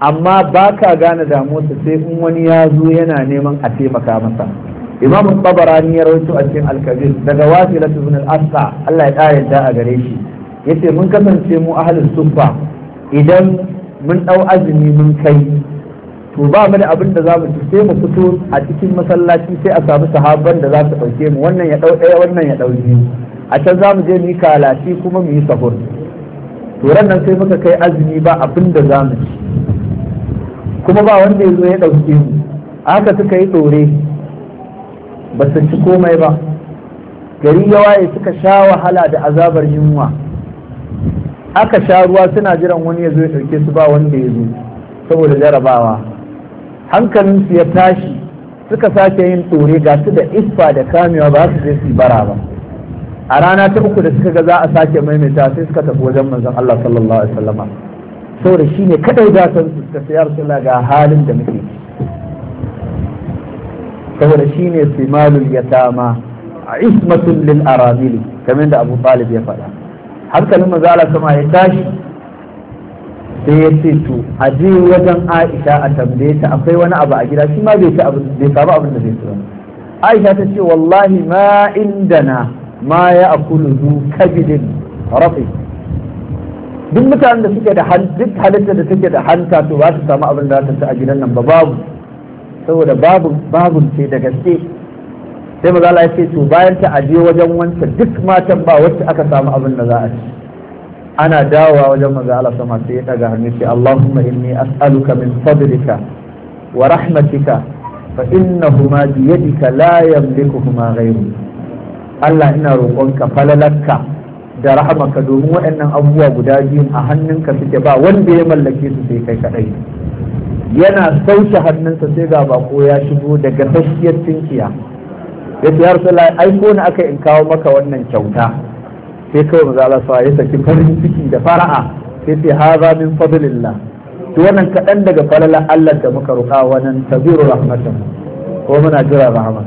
amma ba ka gane damuwarsa sai in wani ya zo yana neman a taimaka masa imamu tabarani ya rawaito a cikin alkabir daga wasilatu ibn al-asa Allah ya ƙara a gare shi yace mun kasance mu halin suffa idan mun ɗau azumi mun kai to ba mu da abin da za mu ci sai mu fito a cikin masallaci sai a samu sahabban da za su ɗauke mu wannan ya ɗau ɗaya wannan ya ɗau biyu a can za mu je mu yi kalashi kuma mu yi sahur to nan sai muka kai azumi ba abin da za mu ci kuma ba wanda ya zo ya ɗauke mu haka suka yi ɗore ba su ci komai ba gari ya waye suka sha wahala da azabar yunwa aka sha ruwa suna jiran wani ya zo ya ɗauke su ba wanda ya zo saboda jarabawa hankalinsu ya tashi suka sake yin tsore ga su da isfa da kamewa ba su je su bara ba a rana ta uku da suka ga za a sake maimaita sai suka tafi wajen manzon Allah sallallahu alaihi wasallama saboda shine kadai da san su suka sayar sallah ga halin da muke saboda shine simalul yatama ismatun lil arabili kamar da Abu Talib ya faɗa hankalin maza Allah sama ya tashi sai ya ce to a je wajen Aisha a tambaye ta akwai wani abu a gida shi ma bai bai samu abin da zai ci Aisha ta ce wallahi ma indana ma ya akulu zu kabidin rafi duk mutanen da suke da duk halittar da suke da hanta to ba su samu abin da za ta ci a gidan nan ba babu saboda babu babu ce da gaske sai maza Allah ya ce to bayan ta aje wajen wancan duk matan ba wacce aka samu abin da za a ci ana dawowa wajen maza Allah sama sai ya daga hannu sai Allahumma inni as'aluka min fadlika wa rahmatika fa innahuma bi yadika la yamlikuhuma ghayru Allah ina roƙonka falalakka da rahamaka domin waɗannan abubuwa guda biyun a hannunka suke ba wanda ya mallake su sai kai kadai yana sauke hannunsa sai ga bako ya shigo daga tashiyar tinkiya ya ce ya sallah ai ko ne aka in kawo maka wannan kyauta sai kawai maza Allah sa ya saki farin ciki da fara'a sai ce haza min fadlillah to wannan kaɗan daga falalan Allah da muka ruka wannan tabiru rahmatan ko muna jira rahama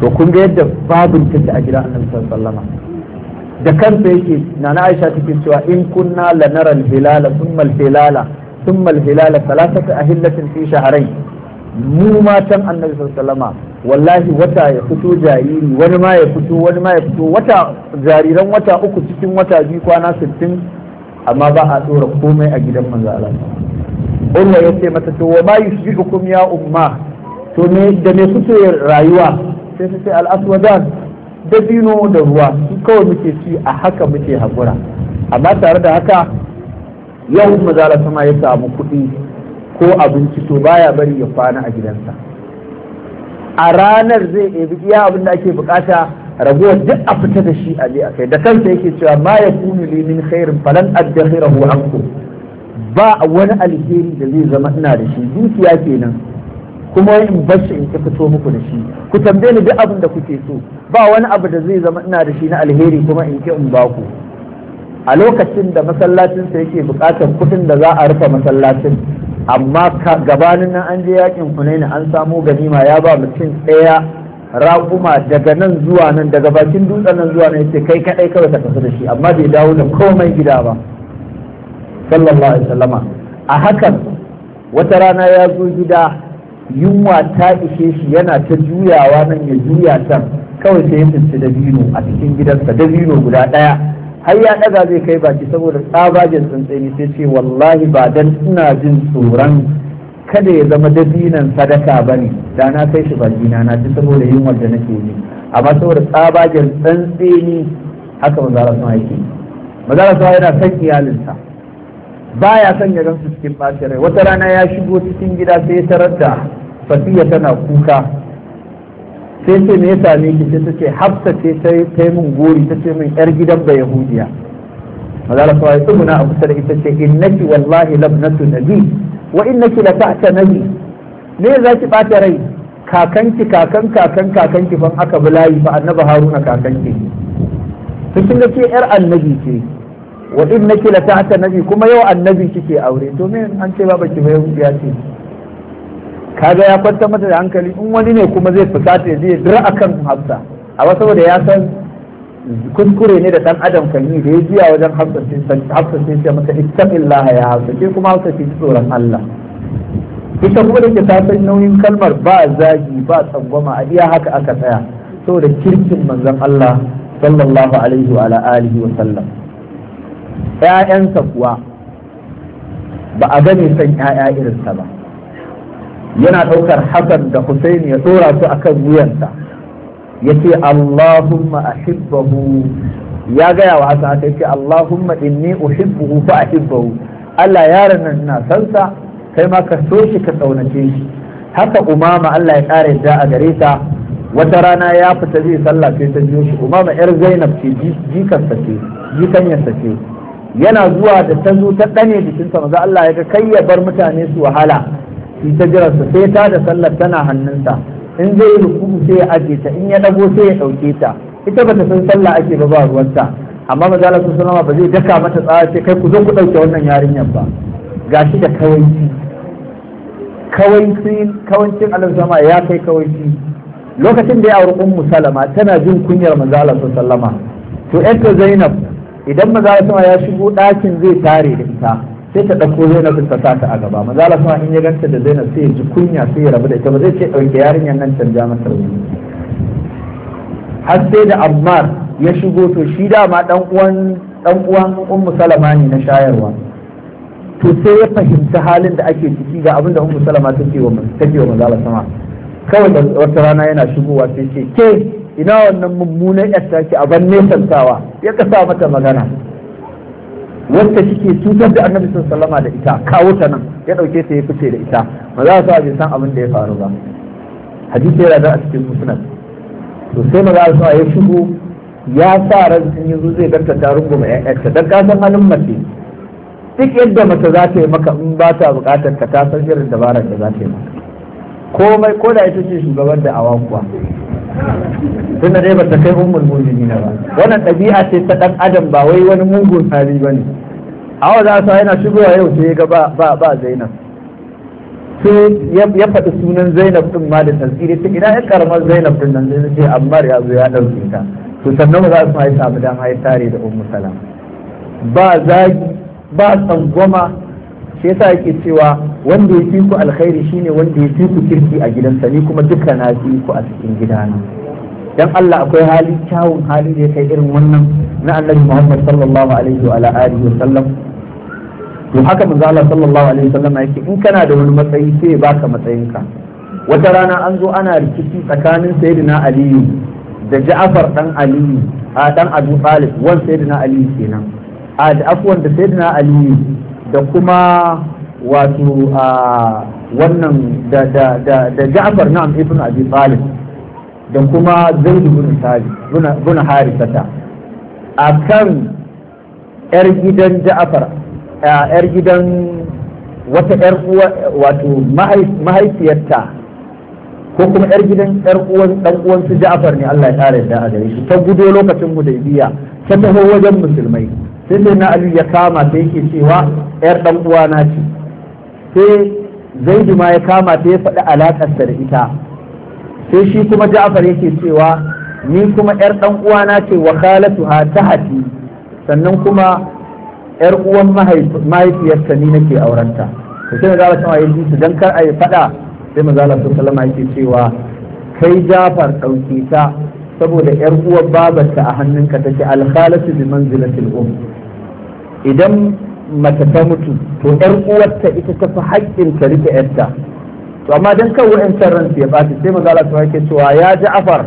to kun ga yadda babin take a gidan Annabi sallallahu alaihi da kansa yake nana Aisha take cewa in kunna lanaral hilala thumma al-hilala thumma al-hilala thalathata ahillatin fi shahrayn mu matan annabi sallama wallahi wata ya fito jariri wani ma ya fito wani ma ya fito wata jariran wata uku cikin wata biyu kwana sittin amma ba a tsora komai a gidan manzo Allah Allah ya ce mata to wa ma yusbihukum ya umma to ne da me kuke rayuwa sai ta ce al-aswadan da dino da ruwa su kawai muke ci a haka muke hakura amma tare da haka yau manzo Allah sama ya samu kuɗi ko abinci to baya bari ya kwana a gidansa a ranar zai ebi iya abin da ake bukata ragowar duk a fita da shi a je a kai da kansa yake cewa ma ya kunu li min khairin falan addakhirahu ankum ba wani alheri da zai zama ina da shi dukiya kenan kuma in bashi in ki fito muku da shi ku tambaye ni duk abin da kuke so ba wani abu da zai zama ina da shi na alheri kuma in ki in ba ku a lokacin da masallacinsa yake buƙatar kuɗin da za a rufe masallacin amma gabanin nan an je yakin hunaini an samo ganima ya ba mutum ɗaya raƙuma daga nan zuwa nan daga bakin dutsen nan zuwa nan yace kai kaɗai kawai ka tafi da shi amma bai dawo da komai gida ba sallallahu alaihi wasallama a hakan wata rana ya zo gida yunwa ta ishe shi yana ta juyawa nan ya juya can kawai sai ya tsinci dabino a cikin gidansa dabino guda ɗaya har ya ɗaga zai kai baki saboda tsabagen tsantsani sai ce wallahi ba dan ina jin tsoron kada ya zama dabinan sadaka bane da na kai shi baki na na ji saboda yin wanda nake yi amma saboda tsabagen tsantsani haka yake ba za a suna yana san iyalinsa ba ya son ya gansu cikin ɓacin rai wata rana ya shigo cikin gida sai ya tarar da fasiya tana kuka sai ce me ya same ki sai ta ce hafsa ce ta yi min gori ta ce min yar gidan ba yahudiya maza da ya tsuguna a kusa da ita ce innaki wallahi labnatu nabi wa innaki la ta'ta nabi me za ki bata rai kakanki kakan kakan kakanki ban aka bulayi fa annabi haruna kakanki to kin ga ke yar annabi ce wa innaki la ta'ta nabi kuma yau annabi kike aure to me an ce ba baki ba yahudiya ce kaga ya kwanta mata da hankali in wani ne kuma zai fusata zai dira akan hafsa amma saboda ya san kuskure ne da dan adam kan yi da ya biya wajen hafsa sai hafsa sai ce mata ittaqillah ya hafsa ke kuma hafsa ce tsoron Allah ita kuma da ke ta san nauyin kalmar ba zagi ba tsangwama a iya haka aka tsaya saboda kirkin manzon Allah sallallahu alaihi wa alihi wa sallam ƴaƴansa kuwa ba a gane san ƴaƴa irinsa ba yana ɗaukar Hassan da Hussein ya tsora su akan wuyansa yace Allahumma ahibbahu ya gaya wa Hassan haka yace Allahumma inni uhibbuhu fa ahibbahu Allah yaron nan ina san sa kai ma ka so shi ka tsaunace shi haka Umama Allah ya ƙara yadda a gare ta wata rana ya fita zai sallah sai ta biyo shi Umama yar Zainab ce jikan ce jikan ce yana zuwa da ta zo ta ɗane jikinsa maza Allah ya ga kai ya bar mutane su wahala ta su sai ta da sallar tana hannunta in zai yi ruku sai ya aje ta in ya dago sai ya ɗauke ta ita bata san sallah ake ba ba ta. amma mazalar sun sunama ba zai daka mata tsara ce kai ku zo ku dauke wannan yarinyar ba gashi da kawai kawaici kawancin alaihi ya kai kawaici lokacin da ya auri ummu salama tana jin kunyar mazalar sun sallama to ƴanta zainab idan mazalar sama ya shigo dakin zai tare da ita sai ta ɗauko zainab ta sa ta a gaba maza la in ya ganta da zainab sai ya ji kunya sai ya rabu da ita ba zai ce ɗauke yarinyar nan canja masa rauni har sai da ammar ya shigo to shi dama ɗan uwan ɗan uwan ummu salama ne na shayarwa to sai ya fahimci halin da ake ciki ga abin da ummu salama take wa take wa maza la sama kawai da wata rana yana shigowa sai ce ke ina wannan mummunan yar ke a ban nesantawa ya kasa mata magana wanda kike cutar da annabi sallama da ita kawo ta nan ya ɗauke ta ya fice da ita ba za su abin san abin da ya faru ba hadisi yana da a cikin musnad to sai maza su ya shigo ya sa ran sun yi zai ganta ta runguma ƴaƴarta dan ka san halin mace duk yadda mace za ta yi maka in ba ta bukatar ka ta san irin dabarar da za ta yi maka komai ko da ita ce shugaban da awa kuwa tun dai ba ta kai umul mu'minina ba wannan ɗabi'a ce ta dan adam ba wai wani mugun sari ba ne hawa za su yana shigowa yau sai ga ba ba ba zainab sai ya faɗi sunan zainab din ma da tasiri ta ina ya karamar zainab din nan zai ce ammar ya zo ya dauke ta to sannan ba za su haifa mu dama tare da ummu salama? ba zagi ba tsangwama shi yasa yake cewa wanda ya fi ku alkhairi shine wanda ya fi ku kirki a gidansa ni kuma duka na fi ku a cikin gidana dan Allah akwai hali kyawun hali da ya kai irin wannan na Annabi Muhammad sallallahu alaihi wa alihi wa sallam to haka manzo Allah sallallahu alaihi wa sallam yake in kana da wani matsayi sai baka matsayinka wata rana an zo ana rikici tsakanin sayyidina Aliyu da Ja'far dan Aliyu a dan Abu Talib wan sayyidina Aliyu kenan a da afwan da sayyidina Aliyu da kuma wato a wannan da ja'afar da da Ja'far na'am ibn Abi Talib da kuma zai guna hari sata a akan yar gidan Ja'far yar gidan wata yar uwa wato mahaifiyarta ko kuma yar gidan yar uwan dan uwan su Ja'far ne Allah ya tsare da a gare shi ta gudo lokacin Hudaybiya ta taho wajen musulmai sai sai na ali ya kama ta yake cewa yar dan na ce sai zaidu ma ya kama ta ya faɗi alaƙar da ita sai shi kuma ja'far yake cewa ni kuma yar dan uwana ce wa khalatuha tahati sannan kuma yar uwan mahaifiyarta ni nake aurenta to sai manzo Allah ya yi su dan kar a faɗa sai manzo Allah sallallahu alaihi yake cewa kai ja'far ɗauke ta saboda yar uwar babarta a hannunka take alkhalatu bi manzilatil um idan mace ta mutu to yar uwarta ita ta fi haƙƙin ta rike yarta to amma dan kan wa'ancan ran ya ɓaci sai maza Allah ta cewa ya Ja'far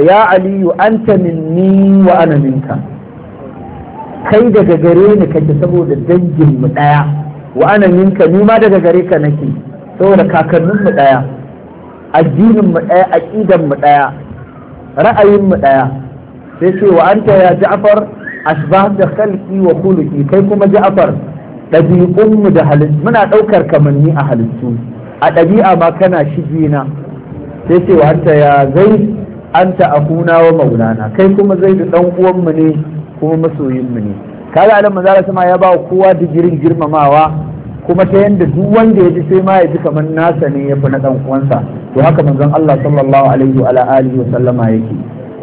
ya Aliyu anta minni wa ana minka kai daga gare ni kake saboda dangin mu daya wa ana minka ni ma daga gare ka nake saboda kakannin mu daya addinin mu daya aqidan mu daya ra'ayin mu daya sai ce wa anta ya Ja'far asbab da khalqi wa khuluqi kai kuma Ja'far ɗabi'un mu da halin muna ɗaukar kamanni a halittu a ɗabi'a ma kana shige na sai ce wa anta ya zai anta akuna wa maulana kai kuma zai da dan uwan mu ne kuma masoyin mu ne kaga alam manzara sama ya ba kowa digirin girmamawa kuma ta yanda duk wanda ya ji sai ma ya ji nasa ne ya fi na dan uwansa to haka manzon Allah sallallahu alaihi wa alihi wa sallama yake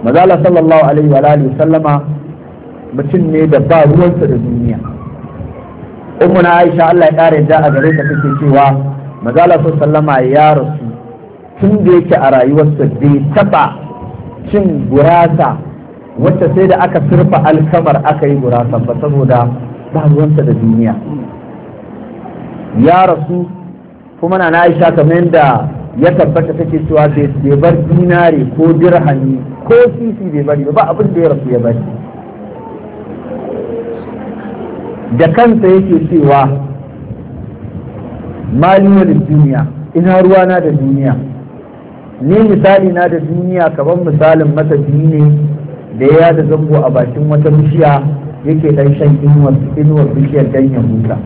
manzala sallallahu alaihi wa alihi wa sallama mutum ne da ba ruwansa da duniya ummu na aisha Allah ya kare da a gare ta take cewa mazala sallama ya rasu tun da yake a rayuwarsa bai taba cin gurasa wacce sai da aka surfa alkamar aka yi gurasa ba saboda ba ruwansa da duniya ya rasu kuma na aisha kamar yadda ya tabbata take cewa bai bar dinare ko dirhami ko sisi bai bari ba abin da ya rasu ya bari da kansa yake cewa maliyar duniya ina ruwana da duniya ni misali na da duniya kaban misalin matafiyi ne da ya da zango a bakin wata bishiya yake dan shan inuwar bishiyar dan ya huta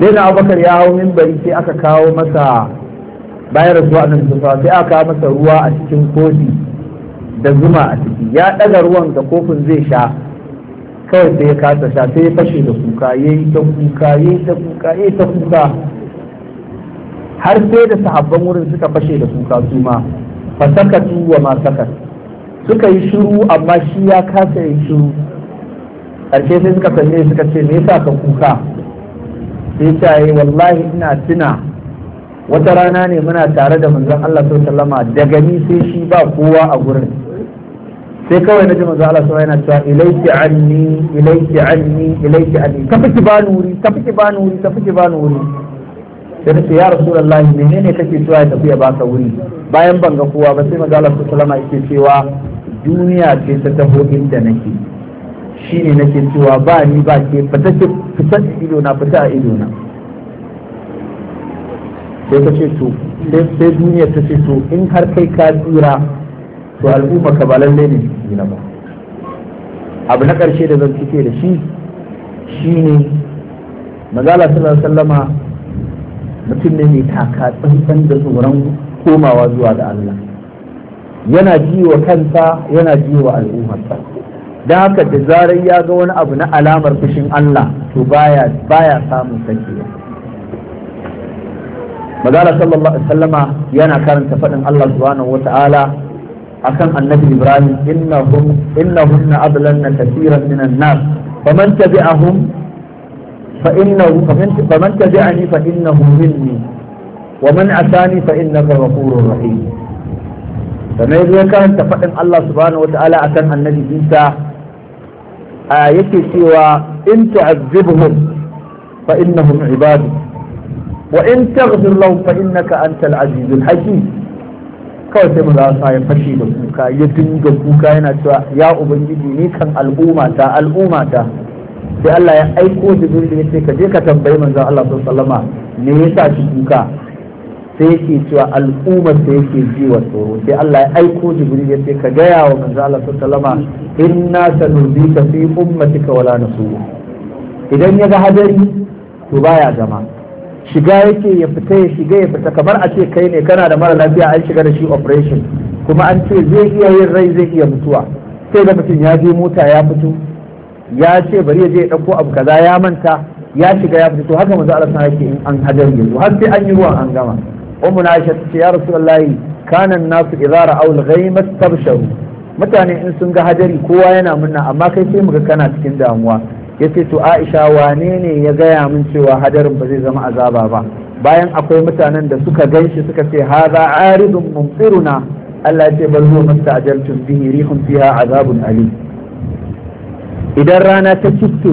sai na abakar ya hau minbari sai aka kawo masa bayan rasuwa nan da sai aka kawo masa ruwa a cikin kofi da zuma a ciki ya ɗaga ruwan da kofin zai sha kawai sai ya kasa sha sai ya fashe da kuka ya yi ta kuka ya yi ta kuka ya yi ta kuka har sai da sahabban wurin suka fashe da kuka su ma fa sakatu wa ma sakat suka yi shiru amma shi ya kasa yin shiru karshe sai suka kalle suka ce me yasa ka kuka sai ta yi wallahi ina tuna wata rana ne muna tare da manzon Allah sallallahu alaihi wasallama daga ni sai shi ba kowa a gurin sai kawai na ji manzo Allah sallallahu yana cewa ilayki anni ilayki anni ilayki anni ka fiki ba nuri ka fiki ba nuri ka fiki ba nuri sai ce ya rasulullahi menene kake cewa ya tafi baka wuri bayan ban ga kowa ba sai manzo Allah sallallahu alaihi wasallam yake cewa duniya ce ta taho inda nake shine nake cewa ba ni ba ke fita ce fita ido na fita a ido na sai ka ce to sai duniya ta ce to in har kai ka tsira to al'umma ka ba lalle ne na ba abu na ƙarshe da zan cike da shi shi ne. mazala sallallahu sallama mutum ne mai taka tsantsan da tsoron komawa zuwa ga Allah yana ji wa kansa yana ji wa al'ummarsa don haka da zarar ya ga wani abu na alamar fushin Allah to baya baya samun sakewa magana sallallahu alaihi sallama yana karanta faɗin Allah subhanahu wata'ala akan annabi ibrahim innahum innahunna na kaseeran minan nas faman tabi'ahum fa innahu faman tabi'ani fa innahu minni wa man asani fa innaka ghafurur rahim sannan ya karanta fadin Allah subhanahu wata'ala akan annabi Isa a yake cewa in tu'azzibhum fa innahum ibadu wa in taghfir lahum fa innaka antal azizul hakim kawai sai za su ya fashe da kuka ya dinga kuka yana cewa ya ubangiji ni kan al'umma ta al'umma ta sai Allah ya aiko da jibril ya ce ka je ka tambayi manzon Allah sallallahu me yasa shi kuka sai yake cewa al'ummar sai yake ji wa tsoro sai Allah ya aiko da jibril ya ce ka gaya wa manzon Allah sallallahu alaihi wasallam inna ka fi ummatika wala nasu idan ya ga hadari to baya zama shiga yake ya fita ya shiga ya fita kamar a ce kai ne kana da mara lafiya an shiga da shi operation kuma an ce zai iya yin rai zai iya mutuwa sai da mutum ya je mota ya fito ya ce bari ya je ya ɗauko abu kaza ya manta ya shiga ya fito to haka a Allah yake in an hadari yanzu har sai an yi ruwan an gama ummu na Aisha ce ya rasulullahi kana nasu idza ra'aw al-ghayma tabsharu mutane in sun ga hadari kowa yana munna amma kai sai muga kana cikin damuwa ya ce to aisha wane ne ya gaya min cewa hadarin ba zai zama azaba ba bayan akwai mutanen da suka gan shi suka ce haza aridun mumtiruna Allah ya ce bal huwa masta'jaltum bihi rihun fiha azabun Ali idan rana ta kiste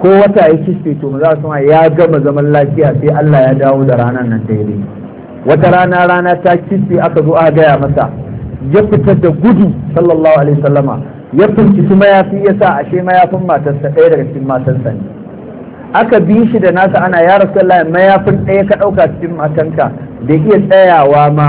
ko wata ya kiste to za su ya gama zaman lafiya sai Allah ya dawo da ranar nan daidai wata rana rana ta kiste aka zo a gaya masa ya fitar da gudu sallallahu alaihi wasallama ya binciki mayafi ya sa ashe mayafin matarsa ɗaya daga cikin matarsa ne aka bi shi da nasa ana ya rasulallah mayafin ɗaya ka ɗauka cikin matanka da iya tsayawa ma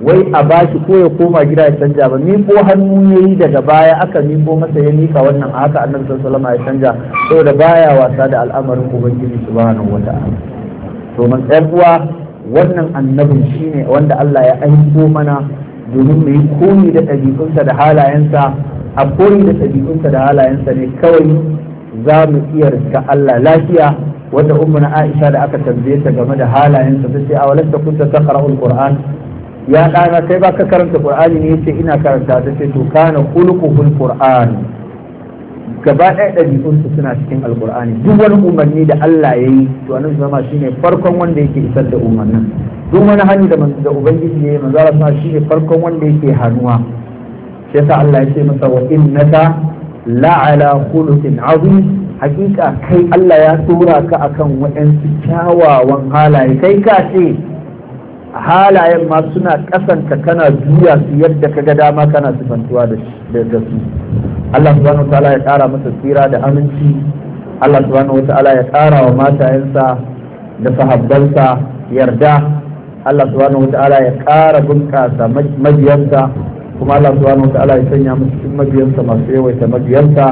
wai a bashi ko ya koma gida ya canja ba miƙo hannu ya yi daga baya aka miƙo masa ya miƙa wannan a haka annabi sallallahu alaihi ya canja saboda baya wasa da al'amarin ubangiji subhanahu wata'ala to man uwa wannan annabin shine wanda Allah ya aiko mana domin mu yi komi da ɗabi'unsa da halayensa a kori da ɗabi'unsa da halayensa ne kawai za mu iya riska Allah lafiya wanda ummu na Aisha da aka tambaye ta game da halayensa ta ce a walasta kunta taqra'ul Qur'an ya ɗana kai ba ka karanta Qur'ani ne yace ina karanta ta ce to kana khuluquhul Qur'an gaba ɗaya ɗabi'unsu suna cikin alƙur'ani duk wani umarni da Allah ya yi to annabi zama shine farkon wanda yake isar da umarnin duk wani hali da ubangiji ya yi manzara suna shine farkon wanda yake hannuwa shi yasa Allah ya ce masa wa innaka la'ala khuluqin azim hakika kai Allah ya tura ka akan waɗansu kyawawan halaye kai ka ce halayen ma suna kasanta kana juya su yadda kaga dama kana sifantuwa da su Allah subhanahu wa ta'ala ya kara masa tsira da aminci Allah subhanahu wa ta'ala ya kara wa matayensa da sahabbansa yarda Allah subhanahu wa ta'ala ya kara bunƙasa majiyansa kuma Allah subhanahu wa ta'ala ya sanya mu cikin mabiyansa masu yawaita mabiyansa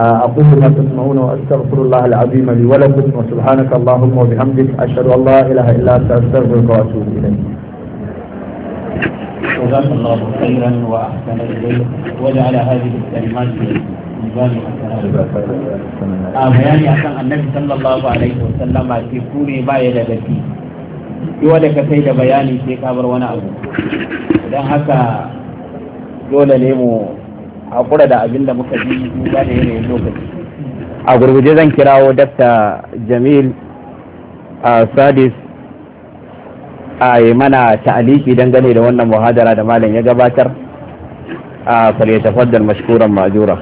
أقول ما تسمعون وأستغفر الله العظيم لي ولكم وسبحانك اللهم وبحمدك أشهد أن لا إله إلا أنت أستغفرك وأتوب إليك. جزاك الله خيرا وأحسن إليك وجعل هذه الكلمات ميزان bayani akan annabi sallallahu alaihi wasallam ke kure baya da gafi yau da ka sai da bayani sai ka bar wani abu don haka dole ne mu hakura da abin da muka ji duba da yanayin lokaci a gurguje zan kirawo dakta jamil a sadis a yi mana ta'aliki dangane da wannan muhadara da malam ya gabatar a falyatafaddal mashkuran majura